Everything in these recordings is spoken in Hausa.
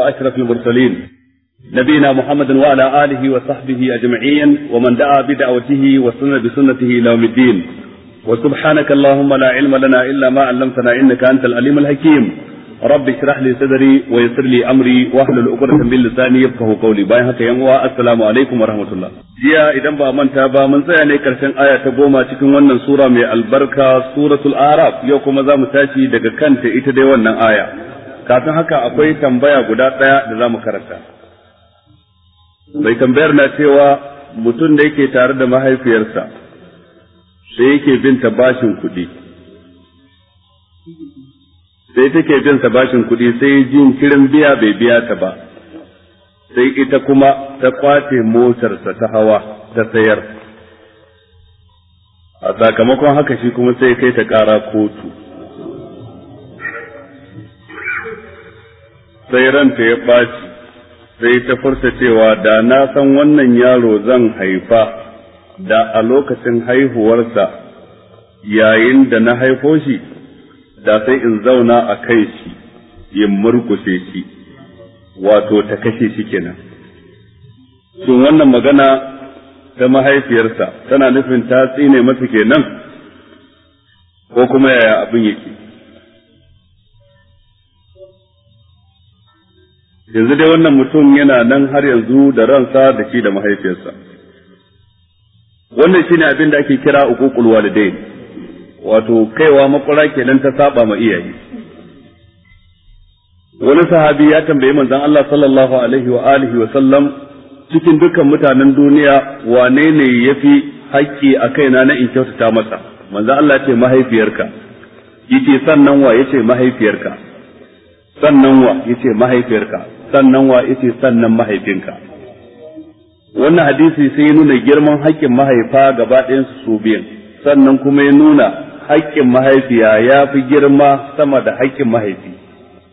أشرف المرسلين نبينا محمد وعلى آله وصحبه أجمعين ومن دعا بدعوته وسن بسنته إلى يوم الدين وسبحانك اللهم لا علم لنا إلا ما علمتنا إنك أنت العليم الحكيم رب اشرح لي صدري ويسر لي أمري واحلل عقدة من لساني يفقهوا قولي باي haka yan uwa assalamu alaikum warahmatullah jiya idan ba manta ba mun tsaya ne karshen aya ta goma cikin wannan sura mai albarka suratul araf yau kuma za mu tashi daga kanta ita dai wannan aya kafin haka akwai tambaya guda ɗaya da za mu karanta mai tambayar na cewa mutum da yake tare da mahaifiyarsa sai yake bin ta bashin kuɗi sai take bin ta bashin kuɗi sai jin kirin biya bai biya ta ba sai ita kuma ta kwace motarsa ta hawa ta sayar a sakamakon haka shi kuma sai kai ta ƙara kotu sai ranta ya ɓaci sai ta furta cewa da na san wannan yaro zan haifa da a lokacin haihuwarsa yayin da na haifo shi da sai in zauna a kai shi in murkushe shi wato ta kashe shi kenan shin wannan magana ta mahaifiyarsa tana nufin ta tsine masa kenan ko kuma yaya abin yake yanzu dai wannan mutum yana nan har yanzu da ransa da shi da mahaifiyarsa wannan shine abin da ake kira da walidain wato kaiwa makura kenan ta saba ma iyaye wani sahabi ya tambayi manzon Allah sallallahu alaihi wa alihi wa sallam cikin dukkan mutanen duniya wane ne fi haƙƙi a kaina na in kyautata masa manzon Allah ya ce mahaifiyarka yace sannan wa yace mahaifiyarka sannan wa yace mahaifiyarka sannan wa ita sannan mahaifinka wannan hadisi sai ya nuna girman haƙƙin mahaifa gaba ɗayan su biyan sannan kuma ya nuna haƙƙin mahaifiya ya fi girma sama da haƙƙin mahaifi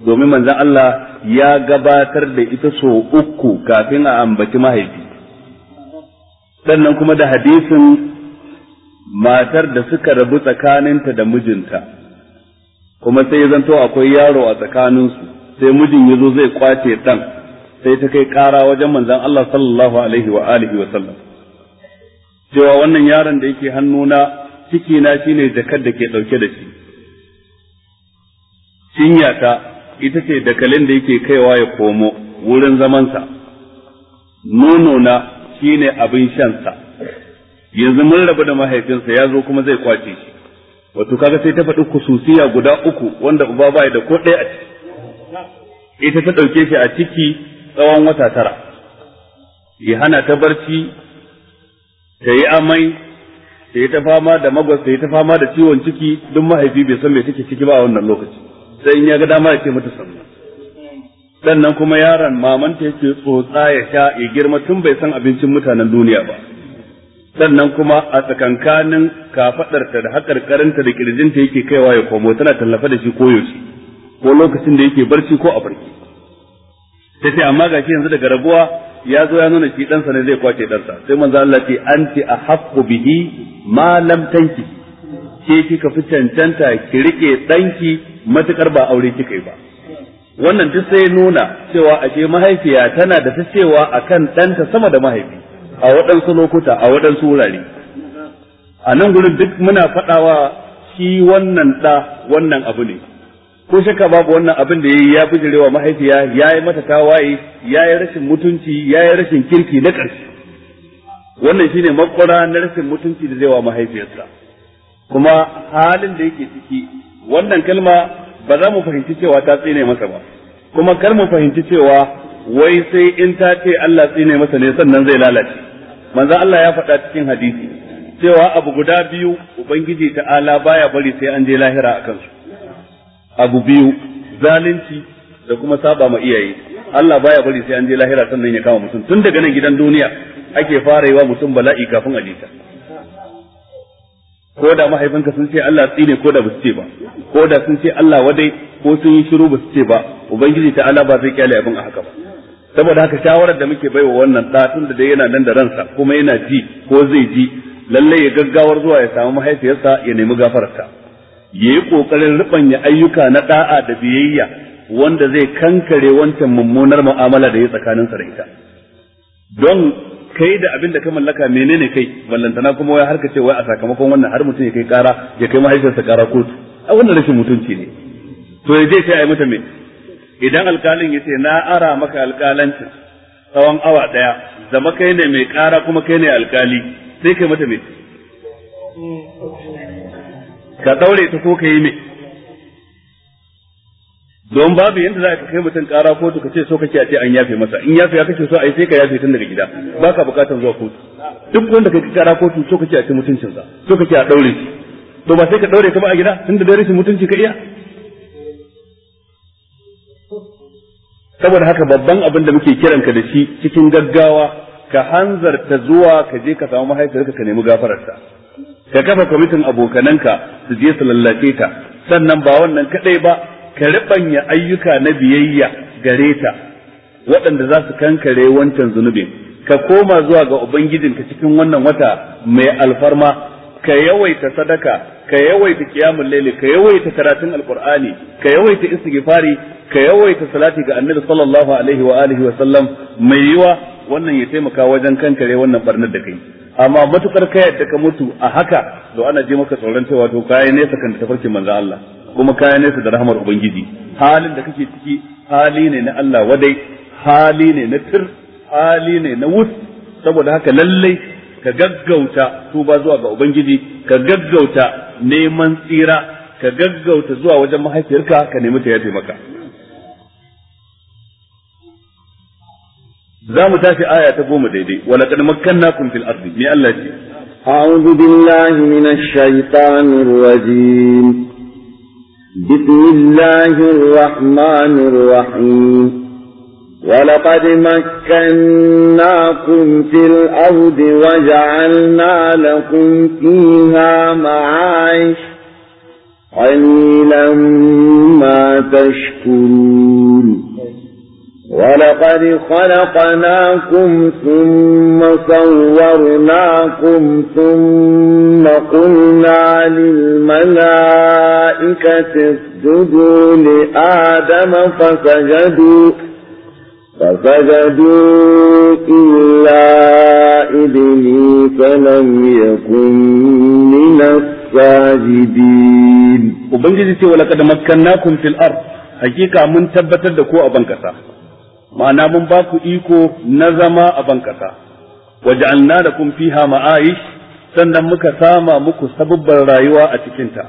domin manzon Allah ya gabatar da ita so uku kafin a ambaci mahaifi sannan kuma da hadisin matar da suka rabu tsakaninta da mijinta kuma sai ya zanto akwai yaro a tsakaninsu sai mijin ya zo zai kwace dan sai ta kai kara wajen manzon Allah sallallahu alaihi wa alihi wa sallam cewa wannan yaron da yake hannuna ciki na shine jakar da ke dauke da shi cinyata ita ce dakalin da yake kaiwa ya komo wurin zamansa nono na shine abin shansa yanzu mun rabu da mahaifinsa ya zo kuma zai kwace shi wato kaga sai ta faɗi kususiya guda uku wanda uba baya da ko ɗaya a ciki ita ta ɗauke shi a ciki tsawon wata tara ya hana ta barci ta yi amai ta yi ta fama da magwas ta yi ta fama da ciwon ciki duk mahaifi bai san me take ciki ba a wannan lokaci sai in ya ga dama ya ce mata sannu sannan kuma yaron mamanta yake tsotsa ya sha ya girma tun bai san abincin mutanen duniya ba sannan kuma a tsakankanin kafadarta da haƙarƙarinta da ƙirjinta yake kaiwa ya komo tana tallafa da shi koyaushe ko lokacin da yake barci ko a barci ta ce amma gashi yanzu daga rabuwa ya zo ya nuna shi ɗansa ne zai kwace ɗansa sai manzo Allah ce anti ahaqqu bihi ma lam tanki ke kika fi cancanta ki rike ɗanki matukar ba aure kika yi ba wannan duk sai nuna cewa ashe mahaifiya tana da ta cewa akan ɗanta sama da mahaifi a waɗansu lokuta a waɗansu wurare a nan gurin duk muna faɗawa shi wannan ɗa wannan abu ne ko shakka babu wannan abin da yayi ya bijirewa mahaifiya yayi mata tawaye yayi rashin mutunci yayi rashin kirki na ƙarshe wannan shine makwara na rashin mutunci da zai wa mahaifiyarsa kuma halin da yake ciki wannan kalma ba za mu fahimci cewa ta tsine masa ba kuma kar mu fahimci cewa wai sai in ta ce Allah tsine masa ne sannan zai lalace manzo Allah ya faɗa cikin hadisi cewa abu guda biyu ubangiji ta'ala baya bari sai an je lahira akan su abu biyu zalunci da kuma saba ma iyaye Allah baya bari sai an je lahira sannan ya kama mutum tun daga nan gidan duniya ake fara yiwa mutum bala'i kafin a ko da mahaifinka sun ce Allah tsine ko da ba su ce ba ko da sun ce Allah wadai ko sun yi shiru ba su ce ba ubangiji ta Allah ba zai kyale abin a haka ba saboda haka shawarar da muke baiwa wannan da tun da dai yana nan da ransa kuma yana ji ko zai ji lalle ya gaggawar zuwa ya samu mahaifiyarsa ya nemi gafararta Yi kokarin rubanya ayyuka na da'a da biyayya wanda zai kankare wancan mummunar mu'amala da ya tsakanin sa da ita don kai da abin da ka mallaka menene kai ballantana kuma wai har ka ce wai a sakamakon wannan har mutum ya kai kara ya kai mahaifiyarsa kara kotu a wannan rashin mutunci ne to ya je sai a yi mata me idan alƙalin ya ce na ara maka alƙalancin tsawon awa ɗaya zama kai ne mai kara kuma kai ne alkali sai kai mata me mm. ka daure ta ko ka yi me don babu yadda za ka kai mutum kara kotu ka ce so kake a ce an yafe masa in yafe ya kake so a yi sai ka yafe tun daga gida ba ka bukatar zuwa kotu duk wanda kai kara kotu so kake a ce mutuncinsa so kake a daure shi to ba sai ka daure ka ba a gida tun da dai rashin mutunci ka iya saboda haka babban abin da muke kiranka da shi cikin gaggawa ka hanzarta zuwa ka je ka samu mahaifiyarka ka nemi gafararsa. ka kafa kwamitin abokananka su je su lallace ta sannan ba wannan kaɗai ba ka riɓanya ayyuka na biyayya gare ta waɗanda za su kankare wancan zunubin ka koma zuwa ga ubangijinka cikin wannan wata mai alfarma ka yawaita sadaka ka yawaita kiyamun lele, ka yawaita karatun alqur'ani ka yawaita istighfari ka yawaita salati ga annabi sallallahu alaihi wa alihi wa sallam mai yiwa wannan ya taimaka wajen kankare wannan barnar da kai amma matukar ka yadda ka mutu a haka to ana ji maka tsoron cewa to kayan nesa kan tafarkin manzo Allah kuma kayan nesa da rahmar ubangiji halin da kake ciki hali ne na Allah wadai hali ne na tir hali ne na wus saboda haka lallai ka gaggauta tuba zuwa ga ubangiji ka gaggauta neman tsira ka gaggauta zuwa wajen mahaifiyarka ka nemi ta yafe maka za mu tashi aya ta goma daidai wala kad makkannakum fil ardi me Allah ce a'udhu billahi minash shaitanir rajim bismillahir rahmanir rahim ولقد مكناكم في الأرض وجعلنا لكم فيها معايش قليلا ما تشكرون ولقد خلقناكم ثم صورناكم ثم قلنا للملائكة اسجدوا لآدم فسجدوا فسجدوا إلا إبليس لم يكن من الساجدين وبنجد ولقد مكناكم في الأرض حقيقة من تبتد كوى بنكسا ma'ana mun ba ku iko na zama a Waje kasa da lakum fiha ma'aish sannan muka sama muku sababbar rayuwa a cikin ta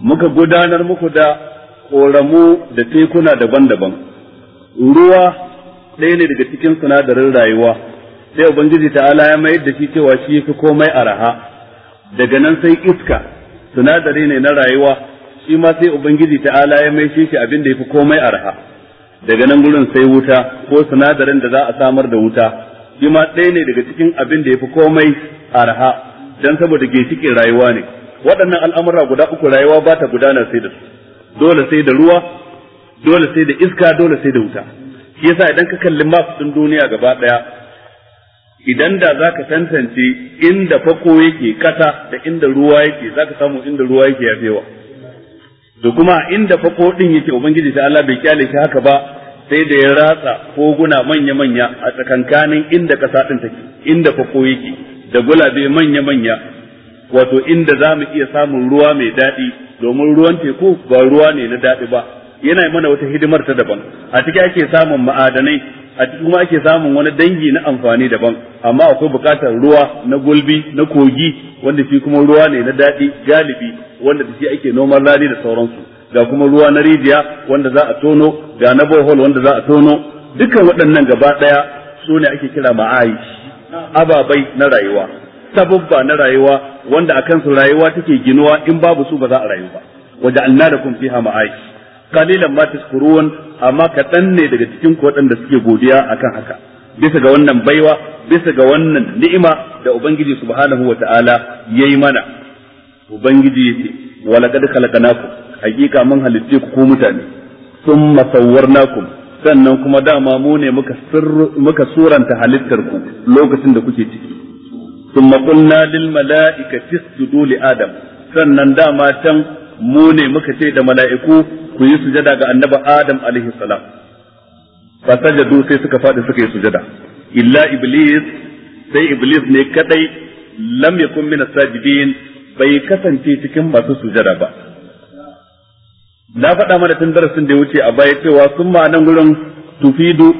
muka gudanar muku da koramu da tekuna daban-daban ruwa ɗaya ne daga cikin sinadarin rayuwa sai ubangiji ta'ala ya mayar da shi cewa shi fi komai araha daga nan sai iska sinadari ne na rayuwa shi ma sai ubangiji ta'ala ya mai shi abin da yafi komai araha daga nan gurin sai wuta ko sinadarin da za a samar da wuta shi ma ɗaya ne daga cikin abin da ya fi komai arha dan saboda cikin rayuwa ne waɗannan al'amura guda uku rayuwa ba ta gudana sai da su dole sai da ruwa dole sai da iska dole sai da wuta shi yasa idan ka kalli map din duniya gaba ɗaya idan da za ka tantance inda fako yake kasa da inda ruwa yake za ka samu inda ruwa yake yafewa to kuma inda fako din yake ubangiji ta Allah bai kyale shi haka ba sai da ya ratsa koguna manya-manya a tsakankanin inda kasa din take inda fako yake da gulabe manya-manya wato inda za mu iya samun ruwa mai daɗi domin ruwan teku ba ruwa ne na daɗi ba yana mana wata hidimar ta daban a ciki ake samun ma'adanai a cikin ma ake samun wani dangi na amfani daban amma akwai buƙatar ruwa na gulbi na kogi wanda shi kuma ruwa ne na daɗi galibi wanda da shi ake noman rani da sauransu ga kuma ruwa na rijiya wanda za a tono ga na bohol wanda za a tono dukkan waɗannan gaba ɗaya su ne ake kira ma'aish ababai na rayuwa sababba na rayuwa wanda akan su rayuwa take ginuwa in babu su ba za a rayu ba waja'alna lakum fiha ma'aish qalilan ma tashkurun amma kaɗan ne daga cikin ku waɗanda suke godiya akan haka bisa ga wannan baiwa bisa ga wannan ni'ima da ubangiji subhanahu wata'ala yayi mana ubangiji yace walaqad khalaqnakum hakika mun halitte ku ko mutane thumma sawwarnakum sannan kuma dama mu ne muka muka suranta halittar ku lokacin da kuke ciki thumma qulna lil mala'ikati isjudu li adam sannan dama can mu ne muka ce da mala'iku ku yi sujada ga annabi Adam alaihi salam fa sajadu sai suka faɗi suka yi sujada illa iblis sai iblis ne kadai lam yakun min sajidin bai kasance cikin masu sujada ba na faɗa mana tun darasin da ya wuce a baya cewa sun ma nan gurin tufidu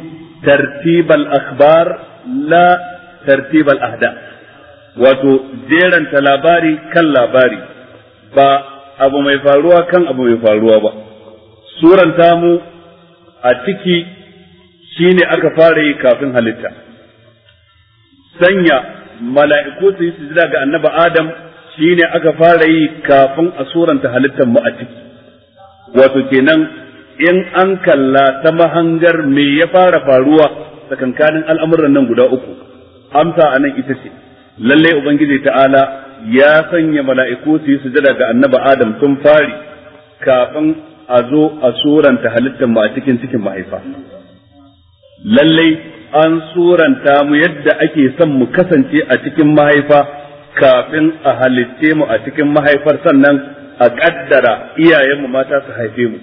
tartibal akhbar la tartibal ahda wato jeranta labari kan labari ba abu mai faruwa kan abu mai faruwa ba suranta mu a ciki shine aka fara yi kafin halitta sanya mala'iku su yi sujada ga annabi adam shine aka fara yi kafin a suranta halittar mu a ciki wato kenan in an kalla ta mahangar me ya fara faruwa tsakankanin al'amuran nan guda uku amsa anan ita ce Lallai ubangiji ta'ala ya sanya mala'iku su yi sujada ga annaba adam tun fari kafin a zo a suranta halittar mu a cikin cikin mahaifa lalle an suranta mu yadda ake son mu kasance a cikin mahaifa kafin a halitte mu a cikin mahaifar sannan a ƙaddara iyayenmu mata su haife mu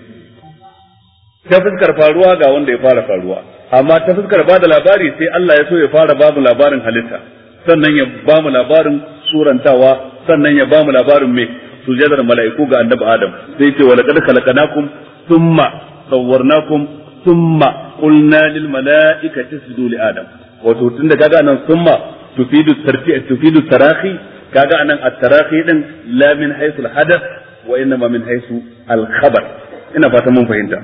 ta fuskar faruwa ga wanda ya fara faruwa amma ta fuskar ba da labari sai Allah ya so ya fara babu labarin halitta sannan ya ba mu labarin surantawa sannan ya ba mu labarin me sujadar mala'iku ga annabi adam sai ce wa laqad khalaqnakum thumma sawwarnakum thumma qulna lil mala'ikati isjudu li adam wato tunda kaga nan thumma tufidu tarti tufidu tarahi kaga anan at-tarahi din la min haythu al-hadath wa inma min haythu al-khabar ina fata mun fahimta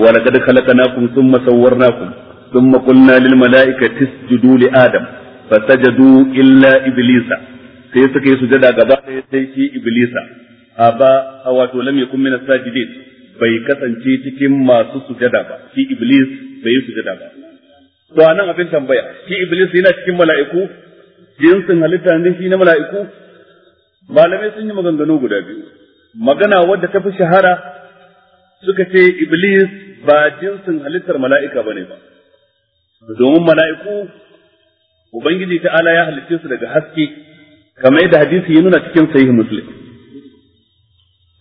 wa laqad khalaqnakum thumma sawwarnakum thumma qulna lil mala'ikati isjudu li adam fasajadu illa iblisa sai suka yi sujada gaba ɗaya sai shi iblisa aba wato lam yakun min bai kasance cikin masu sujada ba shi iblis bai yi sujada ba to anan abin tambaya shi iblis yana cikin mala'iku jinsin halitta ne shi na mala'iku malamai sun yi maganganu guda biyu magana wadda ta fi shahara suka ce iblis ba jinsin halittar mala'ika bane ba domin mala'iku ubangiji ta'ala ya halicce su daga haske kamar yadda hadisi ya nuna cikin sahih muslim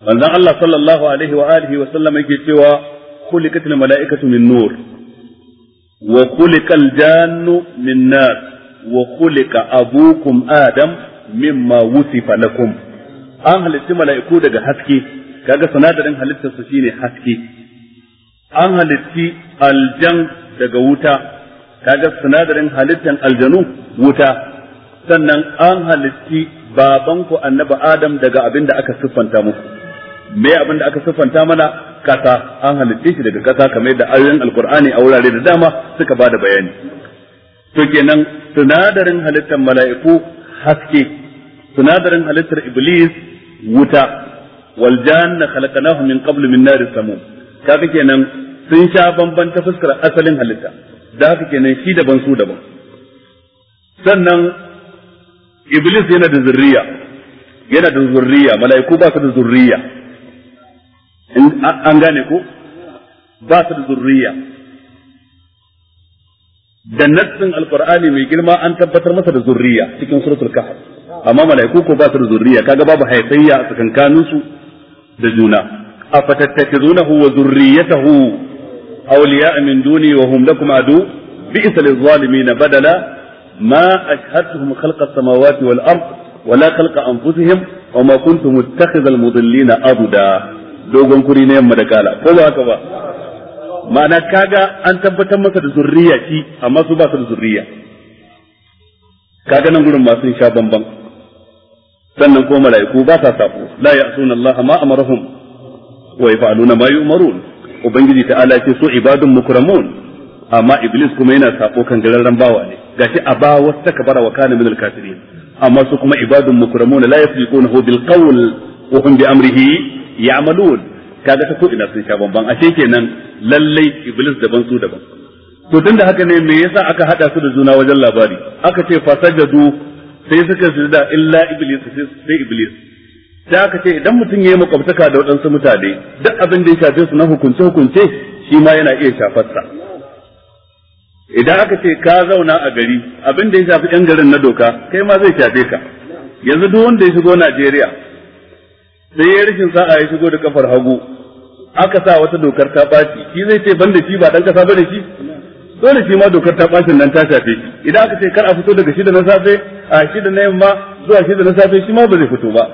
manzon Allah sallallahu alaihi wa alihi wa sallam yake cewa khuliqatil mala'ikatu min nur wa khuliqal jannu min nar wa khuliqa abukum adam mimma wusifa lakum an halitti mala'iku daga haske kaga sanadarin halittar su shine haske an halitti aljan daga wuta kaga sinadarin halittar aljanu wuta sannan an halitti babanku annabi adam daga abin da aka siffanta muku me abin da aka siffanta mana kasa an halitte shi daga kasa kamar yadda ayoyin alkur'ani a wurare da dama suka bada bayani to kenan sinadarin halittar mala'iku haske sinadarin halittar iblis wuta wal janna khalaqnahu min qablu min nari samum kaga kenan sun sha bamban ta fuskar asalin halitta da haka kenan shi daban su daban sannan iblis yana da zurriya yana da zurriya mala'iku ba su da zurriya an gane ko ba su da zurriya da nassin alqur'ani mai girma an tabbatar masa da zurriya cikin suratul kahf amma mala'iku ko ba su da zurriya kaga babu haifayya a tsakankanin su da juna afatattakizunahu wa zurriyatahu awliya min duni wa hum lakum adu bi'sa lil zalimin badala ma ashhadtuhum khalqa samawati wal ard wala khalqa anfusihim wa ma kuntu muttakhidhal mudillina abuda dogon kuri ne yamma da kala ko ba haka ba ma'ana kaga an tabbatar masa da zurriya shi amma su ba su da zurriya kaga nan gurin masu sun sha bamban sannan ko basa ba sa sako la ya'suna Allah ma amarahum wa yaf'aluna ma yu'marun ubangiji ta ala ce so ibadun mukramun amma iblis kuma yana sako kan gararran bawa ne gashi a ba wata kabara wa kana min al amma su kuma ibadun mukramun la yasbiqunahu bil qawl wa hum bi amrihi ya'malun kaga ta ko ina sun sha bamban ashe kenan lalle iblis daban su daban to tunda haka ne me yasa aka hada su da juna wajen labari aka ce fasajadu sai suka sujuda illa iblis sai iblis da aka ce idan mutum ya yi makwabtaka da waɗansu mutane duk abin da ya shafe su na hukunce hukunce shi ma yana iya shafarsa idan aka ce ka zauna a gari abin da ya shafi yan garin na doka kai ma zai shafe ka yanzu duk wanda ya shigo Najeriya sai ya rashin sa'a ya shigo da kafar hagu aka sa wata dokar ta ɓaci shi zai ce ban da shi ba dan kasa bane shi dole shi ma dokar ta ɓacin nan ta shafe shi idan aka ce kar a fito daga shida na safe a shida na yamma zuwa shida na safe shi ma ba zai fito ba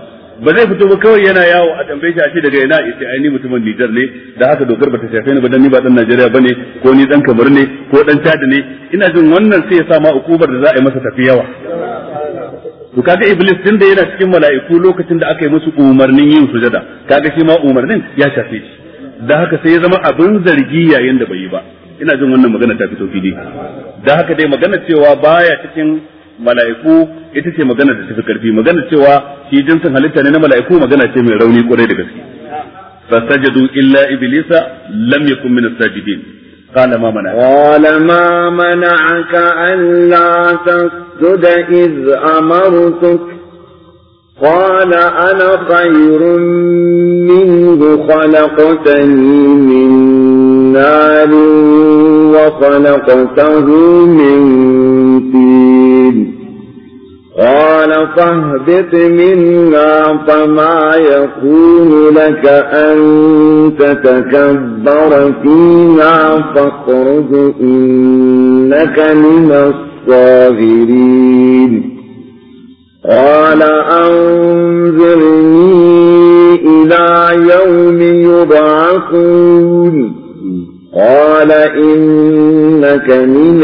ba zai fito ba kawai yana yawo a tambaye shi a ce daga ina ya ce mutumin Nijar ne da haka dokar ba ta shafe ni ba dan ni ba dan Najeriya bane ko ni dan Kamar ne ko dan Chad ne ina jin wannan sai ya sa ma ukubar da za a yi masa tafi yawa to kaga iblis din da yana cikin mala'iku lokacin da aka yi musu umarnin yin sujada kaga shi ma umarnin ya shafe shi da haka sai ya zama abin zargi yayin da bai yi ba ina jin wannan magana ta fito fili da haka dai magana cewa baya cikin mala'iku ita ce magana da tafi karfi magana cewa shi jinsin halitta ne na mala'iku magana ce mai rauni kwarai da gaske fasajadu illa iblisa lam yakun min as-sajidin qala ma mana qala ma mana'aka an la tasjuda iz amartuk قال أنا خير منه خلقتني من نار وخلقته من طين قال فاهبط منا فما يكون لك أن تتكبر فينا فاخرج إنك من الصاغرين قال أنظرني إلى يوم يبعثون قال إنك من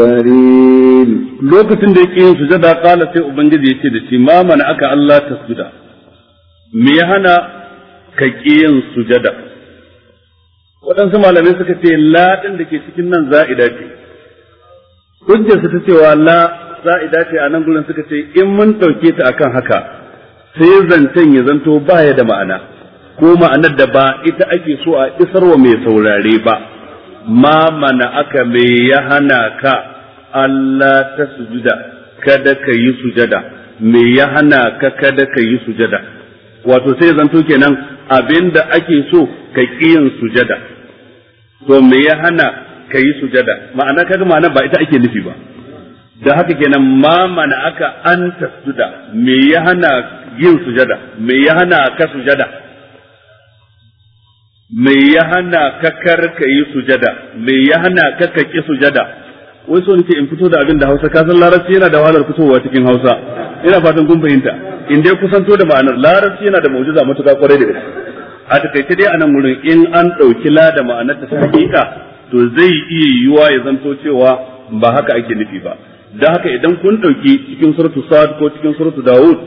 المنظرين lokacin da yake yin sujada kala sai ubangiji yace da shi ma mana aka Allah tasjuda me ya hana ka yin sujada waɗansu malamai suka ce la ɗin da ke cikin nan za'ida ce hujjarsa ta cewa la za'ida ce a nan gurin suka ce in mun ɗauke ta akan haka sai zancen ya zanto baya da ma'ana ko ma'anar da ba ita ake so a isarwa mai saurare ba ma mana aka me ya hana ka Allah ta sujuda kada ka yi sujada me ya hana ka kada ka yi sujada wato sai zanto kenan abinda ake so ka yin sujada to me ya hana ka yi sujada ma'ana kaga ma'ana ba ita ake nufi ba da haka kenan ma mana aka an tasjuda me ya hana yin sujada me ya hana ka sujada me ya hana ka karka yi sujada me ya hana ka ki sujada wai so nake in fito da abin da Hausa ka san larabci yana da wahalar fitowa cikin Hausa ina fatan kun fahimta in dai kusanto da ma'anar larabci yana da mu'jiza matuƙa kwarai da gaske a takaice dai a nan wurin in an ɗauki la da ma'anar ta hakika to zai iya yiwuwa ya zanto cewa ba haka ake nufi ba da haka idan kun ɗauki cikin suratu Sa'ad ko cikin suratu Dawud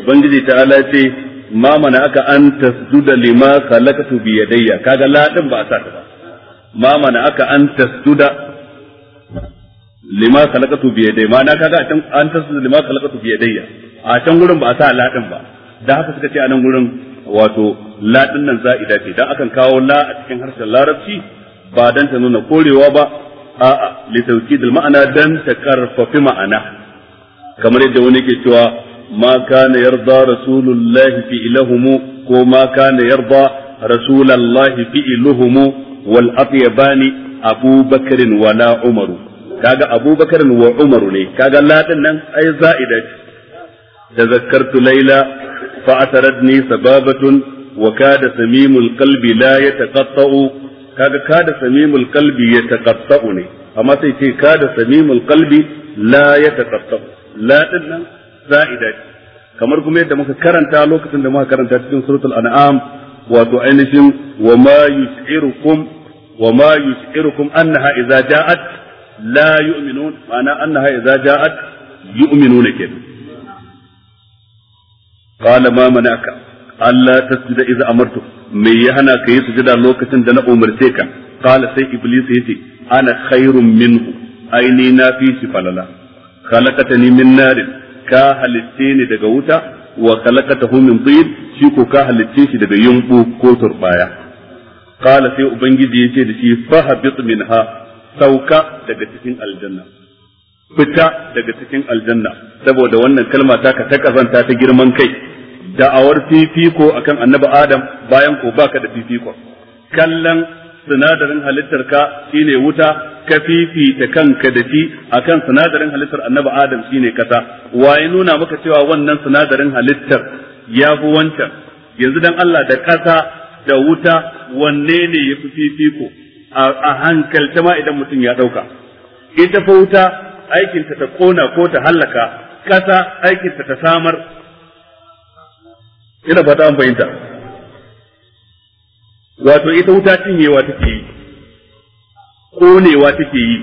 ubangiji ta'ala ce ma mana aka an tasjuda lima khalaqtu bi yadayya kaga la din ba a sa ta ba ma mana aka an tasjuda lima khalaqatu bi yadayya ma na kaga a can an tasu lima khalaqatu bi yadayya a can gurin ba a sa ladin ba da haka suka ce a nan gurin wato ladin nan za'ida ce dan akan kawo la a cikin harshen larabci ba dan ta nuna korewa ba a'a li tawkid al ma'ana dan ta karfafi ma'ana kamar yadda wani ke cewa ma kana yarda rasulullahi fi ilahumu ko ma kana yarda rasulullahi fi iluhumu wal atyabani abubakarin wala umaru kaga abubakar wa umar ne kaga ladin nan ai za'ida da zakkartu laila fa ataradni sababatun wa kada samimul qalbi la yataqatta'u kaga kada samimul qalbi yataqatta'u ne amma sai ce kada samimul qalbi la yataqatta'u ladin nan za'ida kamar kuma yadda muka karanta lokacin da muka karanta cikin suratul an'am wato ainihin wa ma yush'irukum wa ma yush'irukum annaha idza ja'at la yu'minun ma'ana annaha idza ja'at yu'minuna kenan qala ma manaka alla tasjuda idza amartu Mai ya hana ka yi sujada lokacin da na umarce ka qala sai iblis yace ana khairun minhu aini na fi shi falala khalaqatani min narin ka halitte ni daga wuta wa khalaqatahu min tin shi ko ka halitte shi daga yumbu kotar baya? qala sai ubangiji yace da shi fahabit minha sauka daga cikin aljanna fita daga cikin aljanna saboda wannan kalma ta ka ta kazanta ta girman kai da'awar fifiko akan annabi adam bayan ko baka da fifiko kallon sinadarin halittar ka shine wuta ka fifita kanka da shi akan sinadarin halittar annabi adam shine kasa waye nuna maka cewa wannan sinadarin halittar ya fi wancan yanzu dan Allah da kasa da wuta wanne ne ya fi fifiko a hankalta ma idan mutum ya dauka ita fa wuta aikin ta ta kona ko ta hallaka kasa aikin ta ta samar ina ba ta an fahimta wato ita wuta cinyewa take yi konewa take yi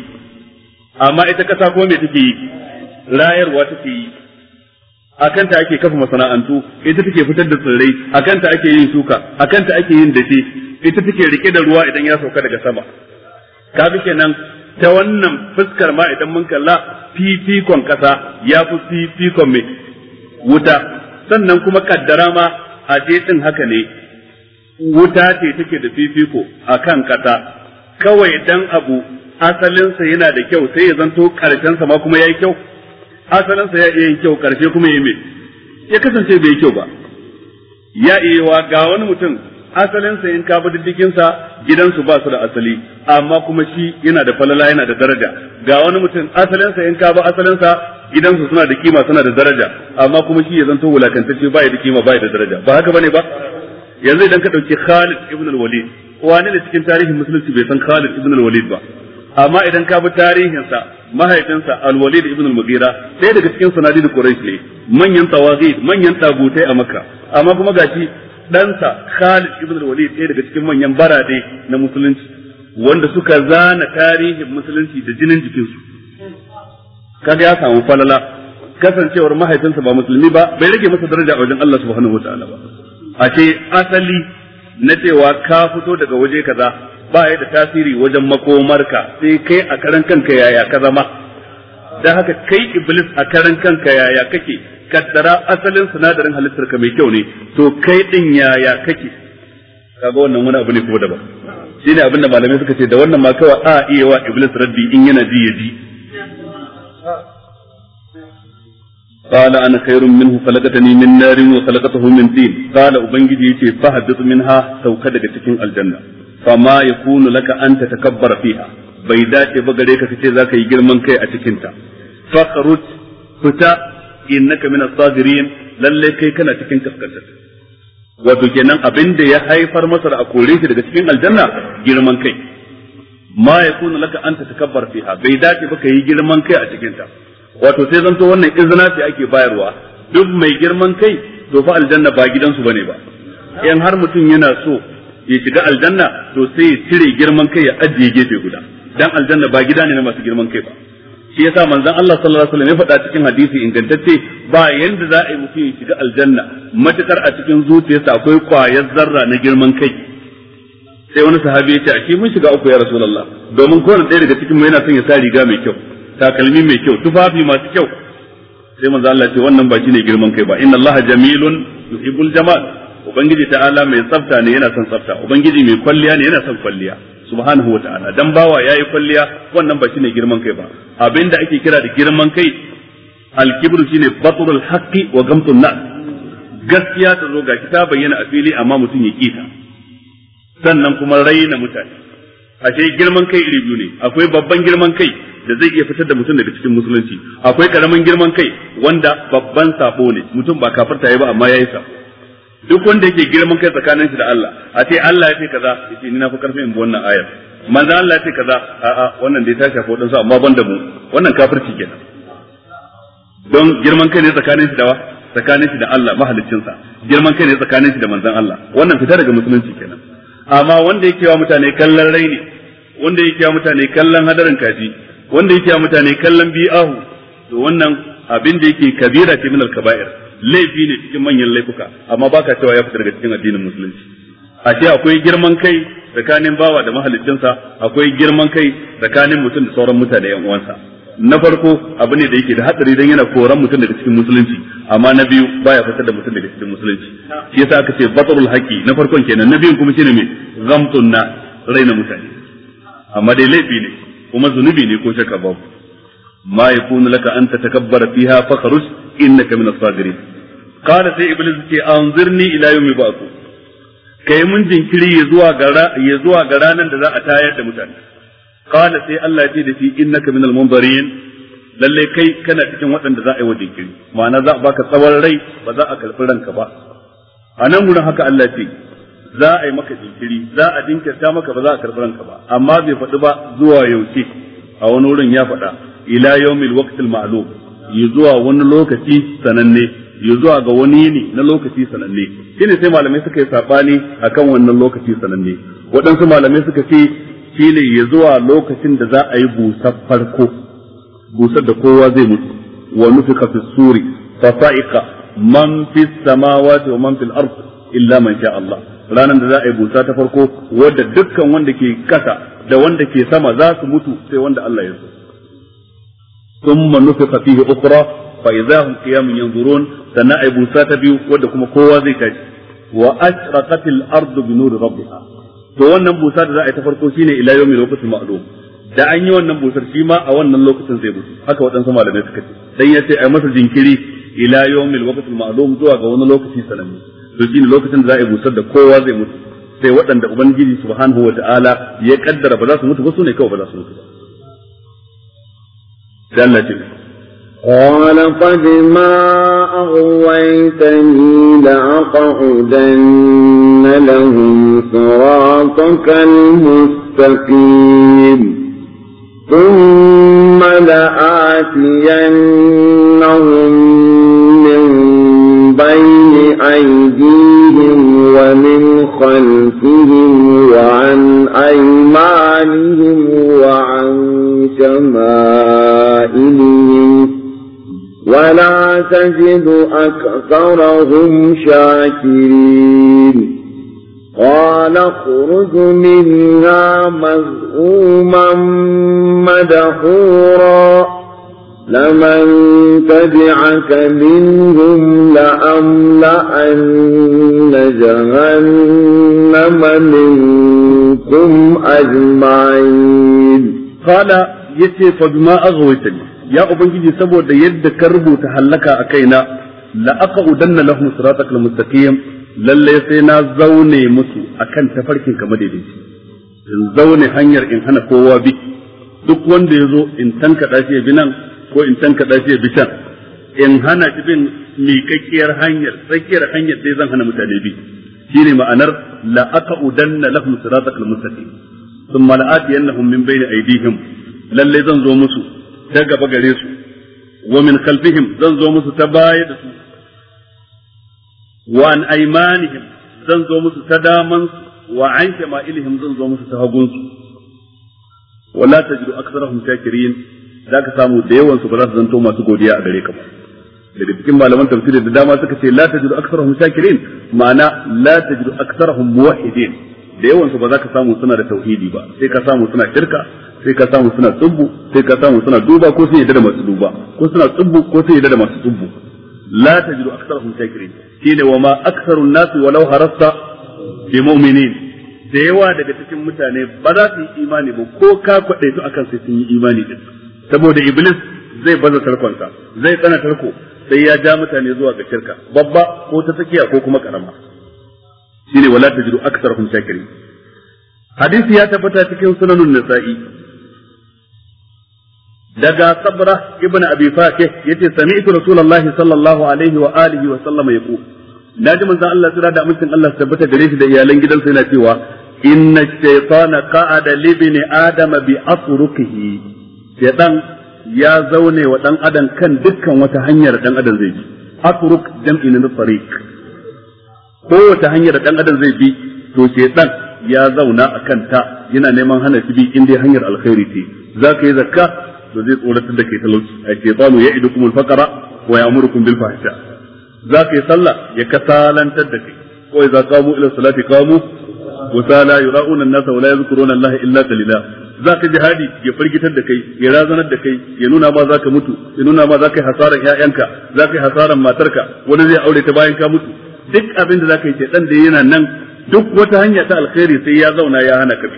amma ita kasa ko me take yi rayarwa take yi akan ta ake kafa masana'antu ita take fitar da tsirrai akan ta ake yin shuka akan ta ake yin dace ita take rike da ruwa idan ya sauka daga sama Ka bi kenan ta wannan fuskar ma idan mun kalla fifikon kasa ya fi fifikon mai wuta sannan kuma kaddara ma a je haka ne wuta ce take da fifiko a kan kasa kawai dan abu asalinsa yana da kyau sai ya zanto karshensa ma kuma ya yi kyau asalinsa ya iya yin kyau karshe kuma ya yi mai ya kasance bai kyau ba ya iya wa ga wani mutum asalin sa in ka bi diddigin sa gidansu ba su da asali amma kuma shi yana da falala yana da daraja ga wani mutum asalin sa in ka bi asalin sa gidansu suna da kima suna da daraja amma kuma shi ya zanto wulakantacce ba ya da kima ba ya da daraja ba haka bane ba yanzu idan ka dauki Khalid ibn al-Walid wani ne cikin tarihin musulunci bai san Khalid ibn al-Walid ba amma idan ka bi tarihinsa mahaifinsa al-Walid ibn al-Mughira ɗaya daga cikin sanadin Quraysh ne manyan tawagid manyan tagutai a Makka amma kuma gashi ɗansa Khalid ibn al-Walid ɗaya daga cikin manyan barade na musulunci wanda suka zana tarihin musulunci da jinin jikinsu kaga ya samu falala kasancewar mahaifinsa ba musulmi ba bai rage masa daraja a wajen Allah subhanahu ta'ala ba a ce asali na cewa ka fito daga waje kaza ba ya da tasiri wajen makomarka sai kai a karan kanka yaya ka zama da haka kai iblis a karan kanka yaya kake kaddara asalin sinadarin halittar ka mai kyau ne to kai din yaya kake kaga wannan wani abu ne kuma daban shine abin da malamai suka ce da wannan ma kawai a iya wa iblis raddi in yana ji ya ji قال انا خير منه خلقتني من نار وخلقته من طين قال ubangiji yace fahaddith minha sauka daga cikin aljanna fama yakunu laka an tatakabbara fiha bai dace ba gare ka kace zaka yi girman kai a cikin ta fakhruj fita innaka minas sabirin lalle kai kana cikin kaskanta wato kenan abin da ya haifar masa da a kore shi daga cikin aljanna girman kai ma kuna laka an tatakabbar fiha bai dace ba yi girman kai a cikin ta wato sai zanto wannan izina ce ake bayarwa duk mai girman kai to fa aljanna ba gidansu bane ba in har mutum yana so ya shiga aljanna to sai ya cire girman kai ya ajiye gefe guda dan aljanna ba gida ne na masu girman kai ba shi yasa manzon Allah sallallahu alaihi wasallam ya faɗa cikin hadisi ingantacce ba yanda za a yi mutum ya shiga aljanna matakar a cikin zuciyarsa akwai kwayar zarra na girman kai sai wani sahabi ya ce a mun shiga uku ya rasulullah domin kowane ɗaya daga cikin mu yana son ya sa riga mai kyau takalmi mai kyau tufafi masu kyau sai manzo Allah ce wannan ba shine girman kai ba inna Allah jamilun yuhibbul jamal ubangiji ta'ala mai tsafta ne yana son tsafta ubangiji mai kwalliya ne yana son kwalliya subhanahu wa ta'ala dan bawa yayi kwalliya wannan ba shine girman kai ba abinda ake kira da girman kai al-kibru shine batrul haqqi wa gamtun na gaskiya ta zo ga ta bayyana a fili amma mutum ya kita sannan kuma raina mutane ashe girman kai iri biyu ne akwai babban girman kai da zai iya fitar da mutum daga cikin musulunci akwai karamin girman kai wanda babban sabo ne mutum ba kafirta ya ba amma yayi sabo duk wanda yake girman kai tsakanin shi da Allah a ce Allah ya ce kaza yace ni na fi karfin in bi wannan ayar manzo Allah ya ce kaza a a wannan dai ta shafi wadansu amma ban da mu wannan kafirci kenan don girman kai ne tsakanin shi da wa tsakanin shi da Allah mahaliccinsa girman kai ne tsakanin shi da manzon Allah wannan fita daga musulunci kenan amma wanda yake wa mutane kallon raini wanda yake wa mutane kallon hadarin kaji wanda yake wa mutane kallon bi'ahu to wannan abin da yake kabira ce min al-kaba'ir laifi ne cikin manyan laifuka amma baka cewa ya fita daga cikin addinin musulunci ce akwai girman kai tsakanin bawa da mahaliccinsa akwai girman kai tsakanin mutum da sauran mutane yan uwansa na farko abu ne da yake da hatsari dan yana koran mutum daga cikin musulunci amma na biyu baya fita da mutum daga cikin musulunci shi yasa aka ce batarul haqi na farkon kenan na biyun kuma shine me ghamtun na raina mutane amma dai laifi ne kuma zunubi ne ko shakka babu ma yakunu laka an tatakabbara fiha fakhruj innaka minas sabirin qala sai iblis ce anzirni ila yawmi ba'thu kai mun jinkiri ya zuwa ga ya zuwa ga ranar da za a tayar da mutane qala sai Allah ya ce da shi innaka minal munzirin lalle kai kana cikin waɗanda za a yi wa jinkiri ma'ana za a baka tsawon rai ba za a karɓi ranka ba a nan gurin haka Allah ce za a yi maka jinkiri za a jinkirta maka ba za a karɓi ranka ba amma bai faɗi ba zuwa yaushe a wani wurin ya faɗa ila yawmil waqtil ma'lum ya zuwa wani lokaci sananne ya zuwa ga wani yini na lokaci sananne shine sai malamai suka yi sabani kan wannan lokaci sananne waɗansu malamai suka ce shine ya zuwa lokacin da za a yi busar farko busar da kowa zai mutu wa nufika fi suri fa sa'iqa man fi samawati wa man fil ard illa man sha Allah ranar da za a yi busa ta farko wadda dukkan wanda ke kasa da wanda ke sama za su mutu sai wanda Allah ya so thumma nufiqa fihi ukhra fa idza hum qiyamun yanzurun sannan ay busa ta biyu wanda kuma kowa zai tashi wa ashraqat al-ardu bi nuri to wannan busa da za a ta farko shine ila yawmi lokacin ma'lum da an yi wannan busar shi ma a wannan lokacin zai mutu haka waɗansu malamai suka ce dan ya ce ai masa jinkiri ila yawmil waqtil ma'lum zuwa ga wani lokaci sananne to lokacin da za a busar da kowa zai sai waɗanda ubangiji subhanahu wata'ala ya kaddara ba za su mutu ba su ne kawai ba za su mutu دلتي قال قد ما أغويتني لأقعدن لهم صراطك المستقيم ثم لآتينهم من بين أيديهم ومن خلفهم وعن أيمانهم وعن شمائلهم ولا تجد أكثرهم شاكرين قال اخرج منها مذءوما مدحورا لمن تبعك منهم لأملأن جهنم منكم أجمعين قال yace fa bima aghwaytani ya ubangiji saboda yadda ka rubuta halaka a kaina la aqudanna lahum siratakal mustaqim lalle sai na zaune musu akan tafarkin ka madaidaici in zaune hanyar in hana kowa bi duk wanda ya zo in tankada shi bi nan ko in tankada shi bi can in hana shi bin miƙaƙƙiyar hanyar tsakiyar hanyar sai zan hana mutane bi shine ma'anar la aqudanna lahum siratakal mustaqim ثم لآتينهم من بين أيديهم Lallai zan zo musu ta gaba gare su wa min khalfihim zan zo musu ta baya da su wa an aymanihim zan zo musu ta daman su wa an shama'ilihim zan zo musu ta hagun su wala tajidu aktharahum shakirin zaka samu da yawan su ba za su zanto masu godiya a gare ka ba daga cikin malaman tafsiri da dama suka ce la tajidu aktharahum shakirin ma'ana la tajidu aktharahum muwahhidin da yawan su ba za ka samu suna da tauhidi ba sai ka samu suna shirka sai ka samu suna tsubbu sai ka samu suna duba ko sun yadda da masu duba ko suna tsubbu ko sun yadda da masu tsubbu la tajidu aktharuhum shakirin shine wa ma aktharun nasi walau harasta bi mu'minin da yawa daga cikin mutane ba za su yi imani ba ko ka kwade su akan sai sun yi imani din saboda iblis zai baza tarkonsa zai tsana tarko sai ya ja mutane zuwa ga shirka babba ko ta tsakiya ko kuma karama shine wala tajidu aktharuhum shakirin hadisi ya tabbata cikin sunanun nasa'i daga sabra ibn abi fatih yace sami'tu rasulullahi sallallahu alaihi wa alihi wa sallama yaqul naji manzo Allah tsira da amincin Allah tabbata gare shi da iyalan gidansa yana cewa inna shaytana qa'ada li ibn adam bi afrukihi shaytan ya zaune wa dan adam kan dukkan wata hanyar dan adam zai bi afruk jam'i na tariq ko wata hanyar dan adam zai bi to shaytan ya zauna akan ta yana neman hana shi bi inda hanyar alkhairi ce zaka yi zakka to zai tsoratar da kai talauci ai shaytanu ya'idukum al-faqra wa ya'murukum bil fahsha za ka yi sallah ya kasalantar da kai ko idza qamu ila salati qamu وسالا يراؤون الناس ولا يذكرون الله الا قليلا zaka jihadi ya firgitar da kai ya razanar da kai ya nuna ma ka mutu ya nuna ma ka yi hasaran ƴaƴanka ka yi hasaran matarka wani zai aure ta bayan ka mutu duk abin da zaka yi shedan da yana nan duk wata hanya ta alkhairi sai ya zauna ya hana ka bi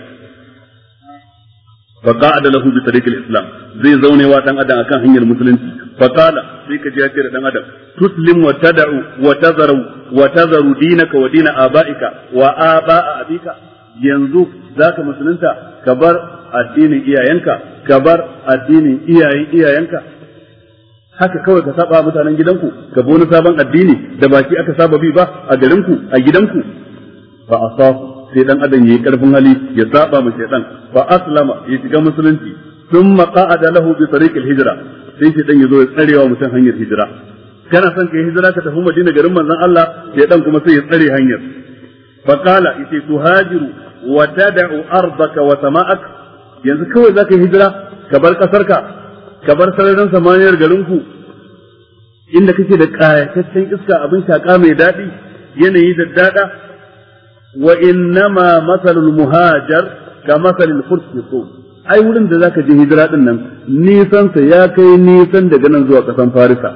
fa qa'ada lahu bi tariqil islam zai zaune wa dan adam akan hanyar musulunci fa qala sai ka ji ya ce da dan adam tuslim wa tad'u wa tazaru wa tazaru dinaka wa dina abaika wa abaa abika yanzu zaka musulunta ka bar addinin iyayenka ka bar addinin iyayenka haka kawai ka saba mutanen gidanku ka bi wani sabon addini da baki aka saba bi ba a garinku a gidanku fa asafu sai dan adam yayi karfin hali ya saba ma shaytan fa aslama ya shiga musulunci thumma qa'ada lahu bi tariq al-hijra sai shaytan yazo ya tsarewa mutum hanyar hijira kana son kai hijira ka tafi Madina garin manzon Allah shaytan kuma sai ya tsare hanyar fa qala yace tuhajiru wa tad'u ardaka wa sama'ak yanzu kawai zaka yi hijira ka bar kasarka ka bar sararin samaniyar ku, inda kake da kayataccen iska abin shaka mai daɗi yanayi da daɗa وإنما مثل المهاجر كمثل الفرس في الطول ai wurin da zaka je hijira dinnan, nisansa ya kai nisan daga nan zuwa kasan Farisa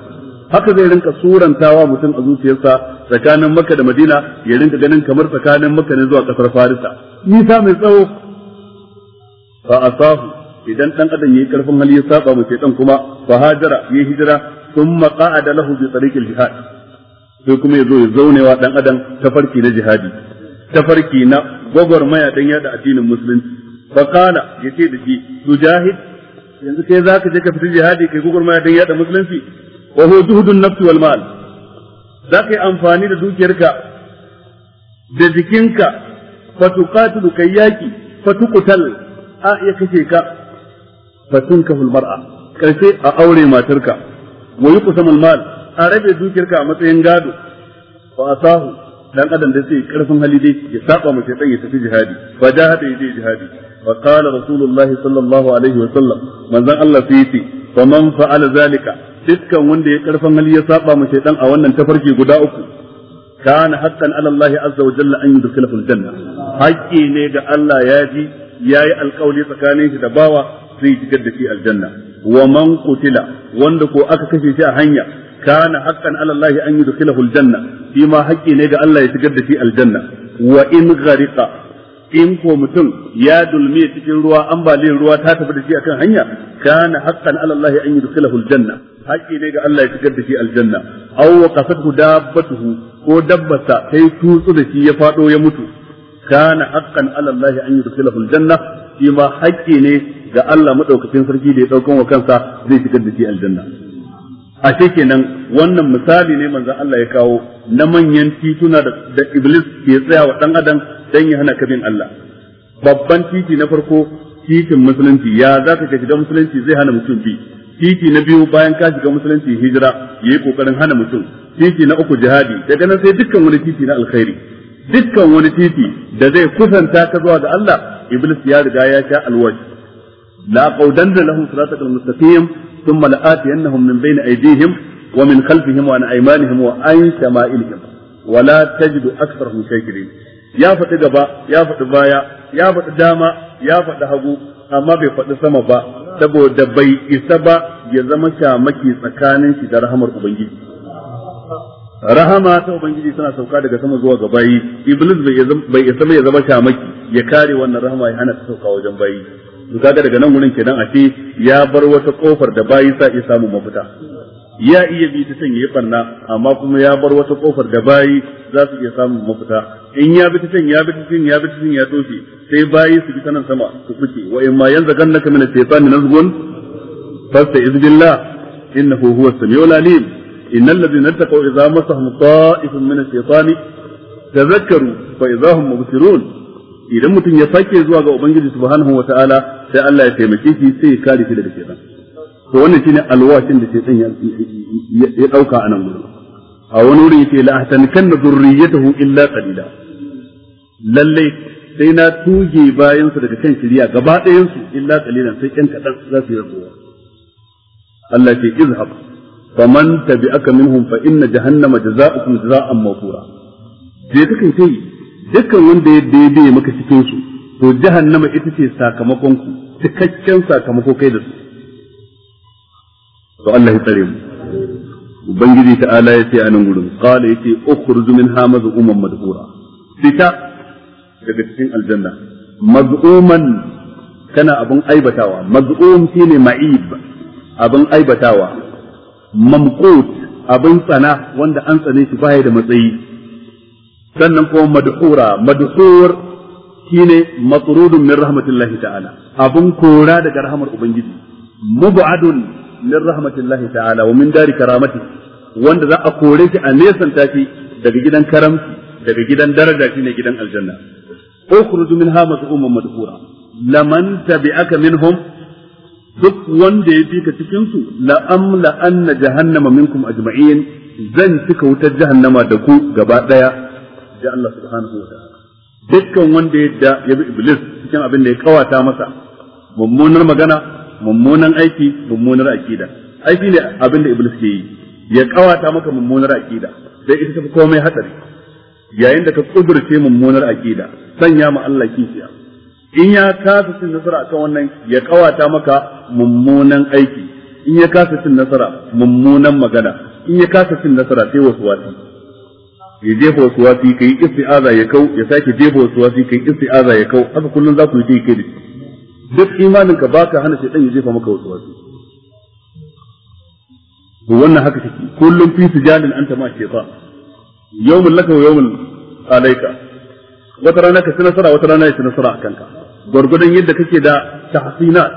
haka zai rinka surantawa mutum a zuciyarsa tsakanin Makka da Madina ya rinka ganin kamar tsakanin Makka ne zuwa kasar Farisa nisa mai tsawo fa asahu idan dan adam yayi karfin hali ya saba mu dan kuma fa hajara yayi hijira thumma qa'ada lahu bi tariqil jihad sai kuma yazo ya zaunewa dan adam ta farki na jihadi tafarki na gwagwarmaya don yada addinin musulunci fa kana yace da shi jahid yanzu kai zaka je ka fita jihadi kai gwagwarmaya don yada musulunci wa hu juhudun nafsi wal mal zaka yi amfani da dukiyarka da jikinka fa tuqatilu kai yaki fa tuqtal a ya kace ka fa tunkahul mar'a karfe a aure matarka wa yuqsamul mal a rabe dukiyarka a matsayin gado fa asahu dan adam da sai karfin hali dai ya saba mu shaytan ya tafi jihadi fa jahada yaje jihadi fa qala rasulullah sallallahu alaihi wa sallam manzon Allah sai yace fa man fa'ala zalika dukkan wanda ya karfin hali ya saba mu shaytan a wannan tafarki guda uku kana haqqan ala Allah azza wa jalla an yudkhilahu aljanna haƙƙi ne ga Allah ya ji yayi alƙawli tsakanin shi da bawa zai shigar da shi aljanna wa man qutila wanda ko aka kashe shi a hanya kana haqqan ala Allah an yudkhilahu aljanna shi ma haƙƙi ne ga Allah ya shigar da shi aljanna wa in ghariqa in ko mutum ya dulme cikin ruwa ambaliyar ruwa ta tafi da shi akan hanya kana haqqan ala Allah an yudkhilahu aljanna haƙƙi ne ga Allah ya shigar da shi aljanna aw wa qasathu dabbatuhu ko dabbarsa sai tutsu da shi ya fado ya mutu kana haqqan ala Allah an yudkhilahu aljanna shi ma haƙƙi ne ga Allah madaukakin sarki da ya daukan wa kansa zai fitar da shi aljanna a kenan wannan misali ne manzon Allah ya kawo na manyan tituna da iblis ke tsaya wa dan adam dan ya hana kabin Allah babban titi na farko titin musulunci ya zaka ka shiga musulunci zai hana mutum bi titi na biyu bayan ka shiga musulunci hijira yayi kokarin hana mutum titi na uku jihadi daga nan sai dukkan wani titi na alkhairi dukkan wani titi da zai kusanta ka zuwa ga Allah iblis ya riga ya sha alwaji la qaudan lahum siratal mustaqim thumma la'atiyannahum min bayni aydihim wa min khalfihim wa an aymanihim wa an shama'ilihim wa la tajidu aktharahum shakirin ya faɗi gaba ya faɗi baya ya faɗi dama ya faɗi hagu amma bai faɗi sama ba saboda bai isa ba ya zama shamaki tsakanin shi da rahamar ubangiji rahama ta ubangiji tana sauka daga sama zuwa ga bayi iblis bai isa ya zama shamaki ya kare wannan rahama ya hana ta sauka wajen bayi to kaga daga nan wurin kenan a ce ya bar wata kofar da bayi sa ya samu mafita ya iya bi ta can yayi barna amma kuma ya bar wata kofar da bayi za su iya samu mafita in ya bi ta can ya bi ta can ya bi ta can ya toshe sai bayi su bi ta nan sama su fice wa in ma yanzu gannaka min shaytan nazgun fasta izbillah innahu huwa samiul alim innal ladina taqaw idza masahum ta'ifun min ash-shaytani tadhakkaru fa idza hum mubsirun idan mutum ya sake zuwa ga ubangiji subhanahu ta'ala, sai Allah ya taimake shi sai ya kare shi daga shedan to wannan shine alwashin da shedan ya dauka a nan gurin a wani wurin yake la ahtankanna zurriyatahu illa qalila lalle sai na tuge bayan su daga kan kiriya gaba ɗayan su illa qalilan sai kan kadan za su yi rabuwa Allah ce izhab faman tabi'aka minhum fa inna jahannama jazaa'ukum jazaa'an mawfura je kakan sai dukkan wanda ya daidai maka cikin su to jahannama ita ce sakamakon ku cikakken sakamako kai da su to Allah ya tsare mu ubangiji ta ala ya ce a nan gurin qala yace ukhruj hamaz maz'uman madhura fita daga cikin aljanna maz'uman kana abun aibatawa maz'um shine ma'ib abun aibatawa mamqut abun tsana wanda an tsane shi baya da matsayi sannan kuma madhura madhur shine matrudun min rahmatillahi ta'ala abun kora daga rahmar ubangiji mubadun min rahmatillahi ta'ala wa min dari karamati wanda za a kore shi a nesanta shi daga gidan karamci daga gidan daraja shine gidan aljanna ukhruj minha maz'uman madhura laman tabi'aka minhum duk wanda ya fika cikin su la amla anna jahannama minkum ajma'in zan cika wutar jahannama da ku gaba daya sai Allah subhanahu wa ta'ala dukkan wanda ya da ya bi iblis cikin abin da ya kawata masa mummunar magana mummunan aiki mummunar aqida ai shine abin da iblis ke yi ya kawata maka mummunar aqida sai ita tafi komai hatsari yayin da ka kuburce mummunar aqida sanya ma Allah kishiya in ya kasa cin nasara akan wannan ya kawata maka mummunan aiki in ya kasa cin nasara mummunan magana in ya kasa cin nasara sai wasu wasu ya jefa wasu wasi kai isti'aza ya kau ya sake jefa wasu wasi kai isti'aza ya kau haka kullum za ku yi kai da duk imanin ka baka hana dan ya jefa maka wasu wasi to wannan haka take kullum fi an anta ma shaytan yawmul laka wa yawmul alayka wata rana ka ci nasara wata rana ya ci nasara a kanka gwargwadon yadda kake da tahsinat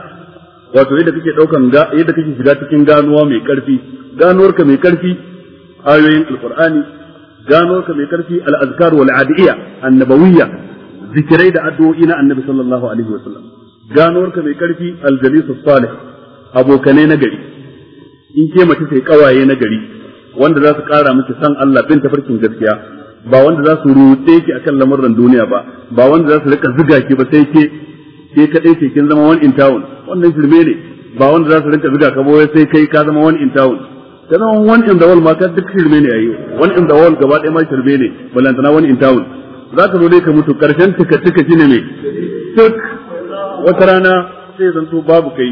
wato yadda kake daukan yadda kake shiga cikin ganuwa mai karfi ganuwarka mai karfi ayoyin alqur'ani gano ka mai karfi al-azkar wal adiyya annabawiyya zikirai da addu'o'i na annabi sallallahu alaihi wasallam gano ka mai karfi al-jalis salih abokane na gari in ke mace sai kawaye na gari wanda za su kara miki san Allah bin tafarkin gaskiya ba wanda za su rute ki akan lamuran duniya ba ba wanda za su rika ziga ki ba sai ke ke kadai ce kin zama wani in town wannan shirme ne ba wanda za su rika ziga ka ba sai kai ka zama wani in town kana zama wani in dawal world ma ka duk shirme ne ayi one in dawal gaba ɗaya ma shirme ne balantana one in tawul za ka zo dai ka mutu karshen tuka tuka shine me duk wata rana sai zanto babu kai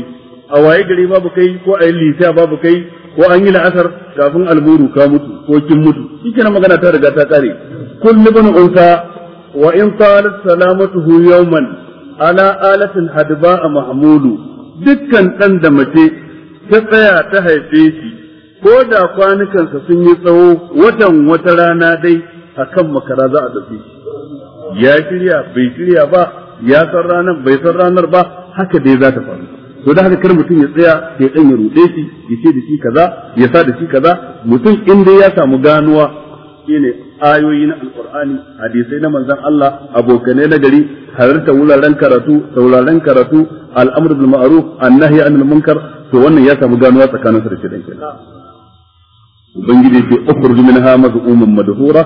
a waye gari babu kai ko a yi lisa babu kai ko an yi la'asar kafin alburu ka mutu ko kin mutu shi magana ta riga ta kare kullu bin unsa wa in talat salamatuhu yawman ala alatin hadba mahmulu dukkan dan da mace ta tsaya ta haife shi ko da kwanukansa sun yi tsawo watan wata rana dai akan makara za a ɗauki ya shirya bai shirya ba ya san ranar bai san ranar ba haka dai za ta faru to da haka kar mutum ya tsaya sai dan ya ruɗe shi ya ce da shi kaza ya sa da shi kaza mutum in dai ya samu ganuwa shine ayoyi na alqur'ani hadisai na manzon Allah abokanai na gari halarta wuraren karatu sauraren karatu al'amr bil ma'ruf annahi anil munkar to wannan ya samu ganuwa tsakanin sa da shi dan kenan ubangiji ce ukhruj minha maz'uman madhura